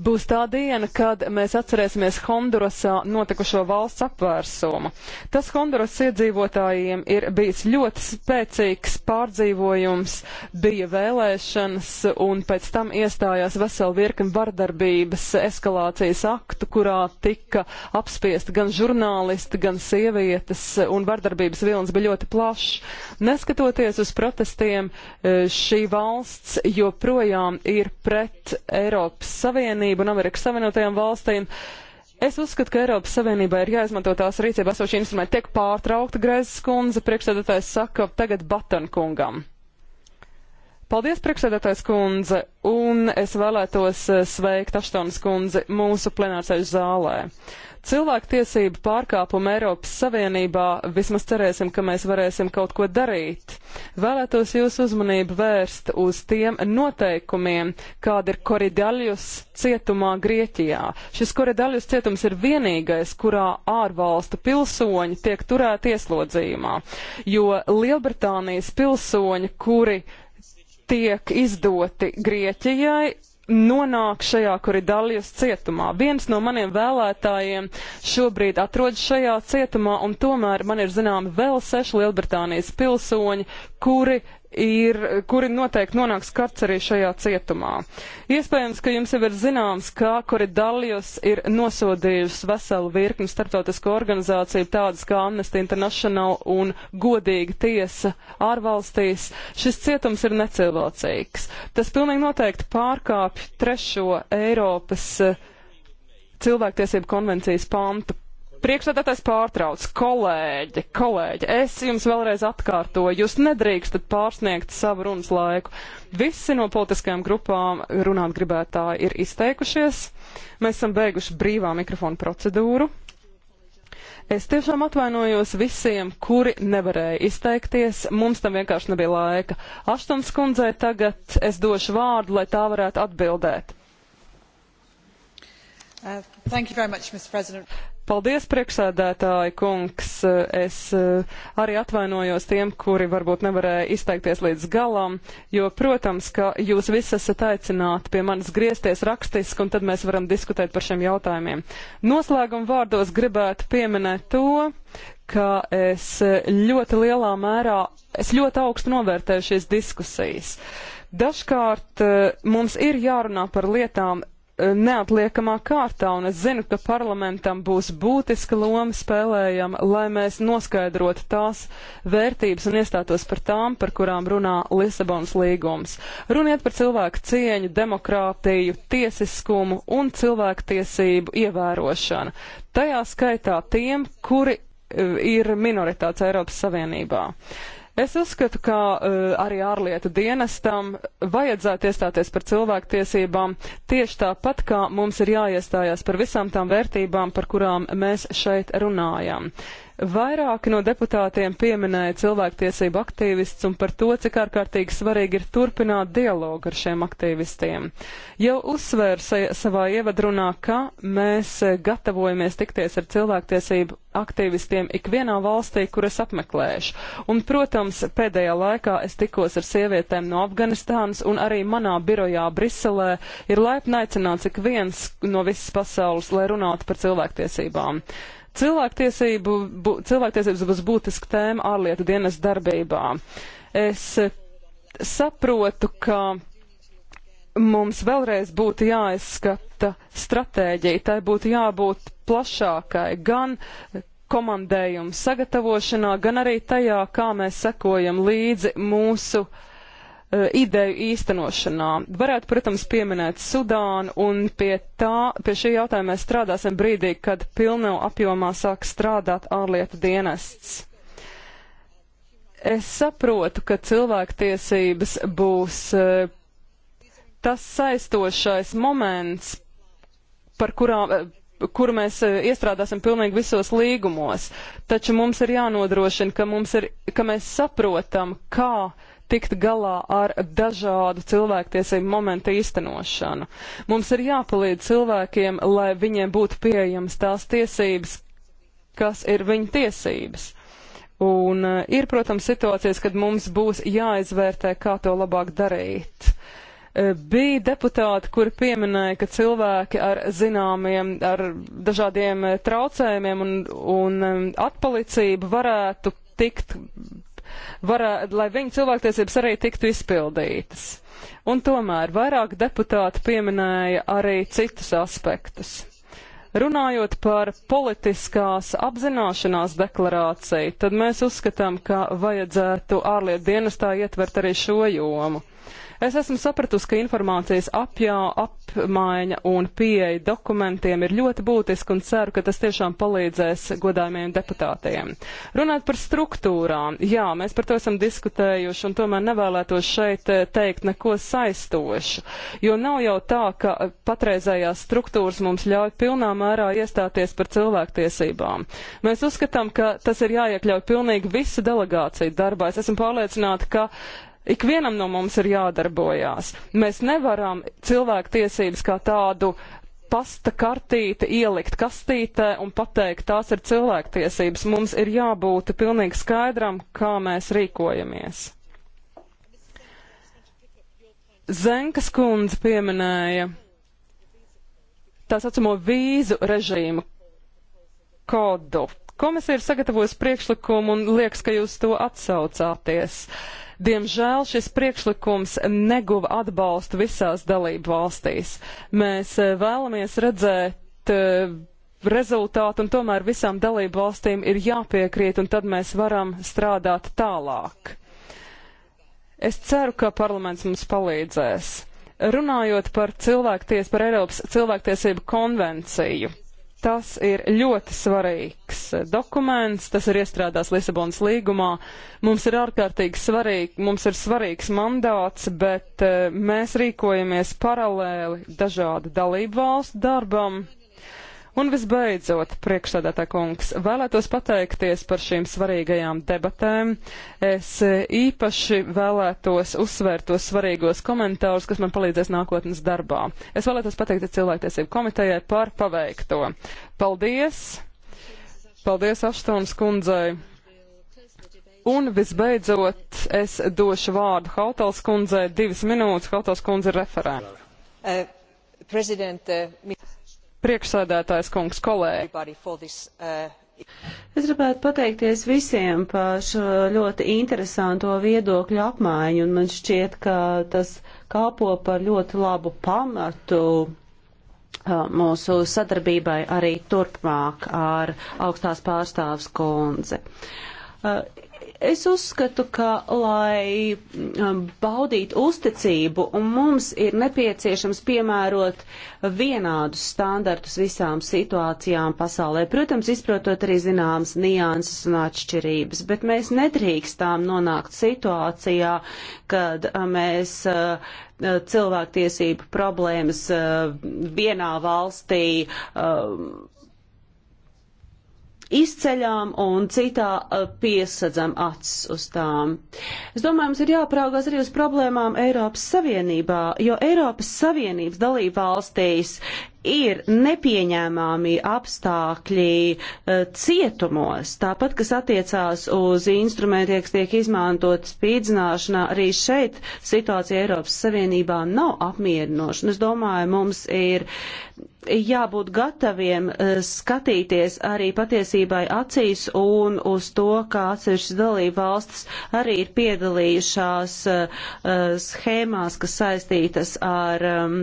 Būs tā diena, kad mēs atcerēsimies Hondurasā notikušo valsts apvērsumu. Tas Honduras iedzīvotājiem ir bijis ļoti spēcīgs pārdzīvojums, bija vēlēšanas un pēc tam iestājās vesela virkni vardarbības eskalācijas aktu, kurā tika apspiesti gan žurnālisti, gan sievietes un vardarbības vilns bija ļoti plašs. Neskatoties uz protestiem, eh, šī valsts joprojām ir pret Eiropas Savienību Savienību un Amerikas Savienotajām valstīm. Es uzskatu, ka Eiropas Savienībā ir jāizmanto tās rīcībā esošie instrumenti. Tiek pārtraukta Grēzes kundze, priekšsēdētājs saka tagad Batan kungam. Paldies, priekšsēdētājs kundze, un es vēlētos eh, sveikt Aštonas kundzi mūsu plenārsēžu zālē. Cilvēktiesību pārkāpumu Eiropas Savienībā vismaz cerēsim, ka mēs varēsim kaut ko darīt. Vēlētos jūsu uzmanību vērst uz tiem noteikumiem, kāda ir Koridaļus cietumā Grieķijā. Šis Koridaļus cietums ir vienīgais, kurā ārvalstu pilsoņi tiek turēti ieslodzījumā, jo Lielbritānijas pilsoņi, kuri tiek izdoti Grieķijai, nonāk šajā koridalijas cietumā. Viens no maniem vēlētājiem šobrīd atrodas šajā cietumā, un tomēr man ir zināmi vēl seši Lielbritānijas pilsoņi, kuri ir, kuri noteikti nonāks karts arī šajā cietumā. Iespējams, ka jums jau ir zināms, ka Koridalius ir nosodījusi veselu virkni starptautisko organizāciju tādas kā Amnesty International un Godīga tiesa ārvalstīs. Šis cietums ir necilvēcīgs. Tas pilnīgi noteikti pārkāpj trešo Eiropas eh, cilvēktiesību konvencijas pantu Priekšsēdētājs pārtrauc. Kolēģi, kolēģi, es jums vēlreiz atkārtoju, jūs nedrīkstat pārsniegt savu runas laiku. Visi no politiskajām grupām runāt gribētāji ir izteikušies. Mēs esam beiguši brīvā mikrofona procedūru. Es tiešām atvainojos visiem, kuri nevarēja izteikties. Mums tam vienkārši nebija laika. Aštons kundzei tagad es došu vārdu, lai tā varētu atbildēt. Uh, much, Paldies, priekšsēdētāji kungs. Es eh, arī atvainojos tiem, kuri varbūt nevarēja izteikties līdz galam, jo, protams, ka jūs visi esat aicināti pie manis griezties rakstiski, un tad mēs varam diskutēt par šiem jautājumiem. Noslēguma vārdos gribētu pieminēt to, ka es ļoti lielā mērā, es ļoti augstu novērtēju šīs diskusijas. Dažkārt eh, mums ir jārunā par lietām neatliekamā kārtā, un es zinu, ka parlamentam būs būtiska loma spēlējama, lai mēs noskaidrotu tās vērtības un iestātos par tām, par kurām runā Lisabonas līgums. Runiet par cilvēku cieņu, demokrātiju, tiesiskumu un cilvēktiesību ievērošanu. Tajā skaitā tiem, kuri e, ir minoritāts Eiropas Savienībā. Uh, Es uzskatu, ka uh, arī ārlietu dienestam vajadzētu iestāties par cilvēktiesībām tieši tāpat, kā mums ir jāiestājās par visām tām vērtībām, par kurām mēs šeit runājam. Vairāki no deputātiem pieminēja cilvēktiesību aktīvistus un par to, cik ārkārtīgi svarīgi ir turpināt dialogu ar šiem aktīvistiem. Jau uzsvēra savā ievadrunā, ka mēs eh, gatavojamies tikties ar cilvēktiesību aktīvistiem ikvienā valstī, kur es apmeklēšu. Un, protams, pēdējā laikā es tikos ar sievietēm no Afganistānas, un arī manā birojā Briselē ir laipni aicināts ik viens no visas pasaules, lai runātu par cilvēktiesībām. Cilvēktiesību, bu, cilvēktiesības būs būtiska tēma ārlietu dienas darbībā. Es saprotu, ka mums vēlreiz būtu jāizskata stratēģija, tai būtu jābūt plašākai gan komandējumu sagatavošanā, gan arī tajā, kā mēs sekojam līdzi mūsu uh, Eh, ideju īstenošanā. Varētu, protams, pieminēt Sudānu, un pie, tā, pie šī jautājuma mēs strādāsim brīdī, kad pilnā apjomā sāk strādāt ārlietu dienests. Es saprotu, ka cilvēktiesības būs eh, tas saistošais moments, par kurām, eh, kuru mēs iestrādāsim pilnīgi visos līgumos. Taču mums ir jānodrošina, ka, mums ir, ka mēs saprotam, kā uh, tikt galā ar dažādu cilvēktiesību momentu īstenošanu. Mums ir jāpalīdz cilvēkiem, lai viņiem būtu pieejamas tās tiesības, kas ir viņu tiesības. Un eh, ir, protams, situācijas, kad mums būs jāizvērtē, kā to labāk darīt. Eh, bija deputāti, kuri pieminēja, ka cilvēki ar zināmiem, ar dažādiem eh, traucējumiem un, un atpalicību varētu tikt varē, lai viņu cilvēktiesības arī tiktu izpildītas. Un tomēr vairāk deputāti pieminēja arī citus aspektus. Runājot par politiskās apzināšanās deklarāciju, tad mēs uzskatām, ka vajadzētu ārlietu dienestā ietvert arī šo jomu. Es esmu sapratusi, ka informācijas apjā, apmaiņa un pieeja dokumentiem ir ļoti būtiska un ceru, ka tas tiešām palīdzēs godājumiem deputātiem. Runāt par struktūrām. Jā, mēs par to esam diskutējuši un tomēr nevēlētos šeit eh, teikt neko saistošu, jo nav jau tā, ka patreizējās struktūras mums ļauj pilnā mērā iestāties par cilvēktiesībām. Mēs uzskatām, ka tas ir jāiekļauj pilnīgi visu delegāciju darbā. Es esmu pārliecināta, ka Ikvienam no mums ir jādarbojās. Mēs nevaram cilvēktiesības kā tādu pasta kartīti ielikt kastītē un pateikt, tās ir cilvēktiesības. Mums ir jābūt pilnīgi skaidram, kā mēs rīkojamies. Zenkas kundze pieminēja tā saucamo vīzu režīmu kodu. Komisija ir sagatavojusi priekšlikumu un liekas, ka jūs to atsaucāties. Uh, Diemžēl šis priekšlikums neguva atbalstu visās dalību valstīs. Mēs eh, vēlamies redzēt eh, rezultātu, un tomēr visām dalību valstīm ir jāpiekrīt, un tad mēs varam strādāt tālāk. Es ceru, ka parlaments mums palīdzēs runājot par, cilvēkties, par Eiropas cilvēktiesību konvenciju, Tas ir ļoti svarīgs dokuments, tas ir iestrādās Lisabonas līgumā. Mums ir ārkārtīgi svarīgi, mums ir svarīgs mandāts, bet eh, mēs rīkojamies paralēli dažādu dalību valstu darbam. Un visbeidzot, priekšsēdētā kungs, vēlētos pateikties par šīm svarīgajām debatēm. Es e, īpaši vēlētos uzsvērt tos svarīgos komentārus, kas man palīdzēs nākotnes darbā. Es vēlētos pateikties cilvēktiesību komitejai par paveikto. Paldies! Paldies Aštons kundzei! Un visbeidzot, es došu vārdu Hautals kundzei divas minūtes. Hautals kundze ir referēta. Uh, Priekšsēdētājs kungs, kolēģi. Uh, es gribētu pateikties visiem par šo ļoti interesanto viedokļu apmaiņu, un man šķiet, ka tas kāpo par ļoti labu pamatu uh, mūsu sadarbībai arī turpmāk ar augstās pārstāvs kundze. Uh, Es uzskatu, ka, lai um, baudītu uzticību, mums ir nepieciešams piemērot vienādus standartus visām situācijām pasaulē. Protams, izprotot arī zināmas nianses un atšķirības, bet mēs nedrīkstām nonākt situācijā, kad uh, mēs uh, cilvēktiesību problēmas uh, vienā valstī izceļām un citā eh, piesadzam acis uz tām. Es domāju, mums ir jāpraugās arī uz problēmām Eiropas Savienībā, jo Eiropas Savienības dalība valstīs ir nepieņēmāmi apstākļi uh, cietumos, tāpat, kas attiecās uz instrumentiem, kas tiek izmantot spīdzināšanā, arī šeit situācija Eiropas Savienībā nav apmierinoša. Es domāju, mums ir jābūt gataviem eh, skatīties arī patiesībai acīs un uz to, kā atsevišķas dalība valstis arī ir piedalījušās uh, schēmās, kas saistītas ar um,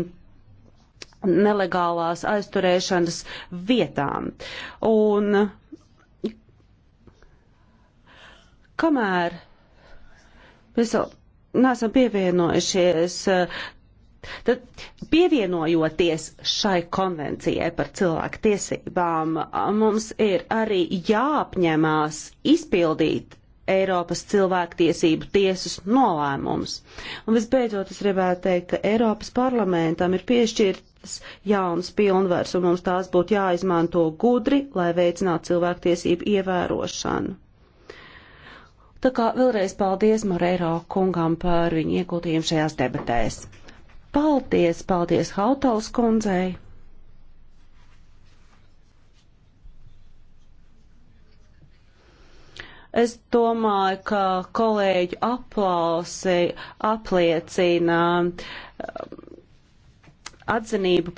nelegālās aizturēšanas vietām. Un kamēr mēs vēl neesam pievienojušies Tad pievienojoties šai konvencijai par cilvēku tiesībām, mums ir arī jāapņemās izpildīt Eiropas cilvēktiesību tiesas nolēmums. Un visbeidzot, es gribētu teikt, ka Eiropas parlamentam ir piešķirtas jaunas pilnvars, un mums tās būtu jāizmanto gudri, lai veicinātu cilvēktiesību ievērošanu. Tā kā vēlreiz paldies Moreiro kungam par viņu ieguldījumu šajās debatēs. Paldies, paldies Hautals kundzei! Es domāju, ka kolēģu aplausi apliecina um, atzinību par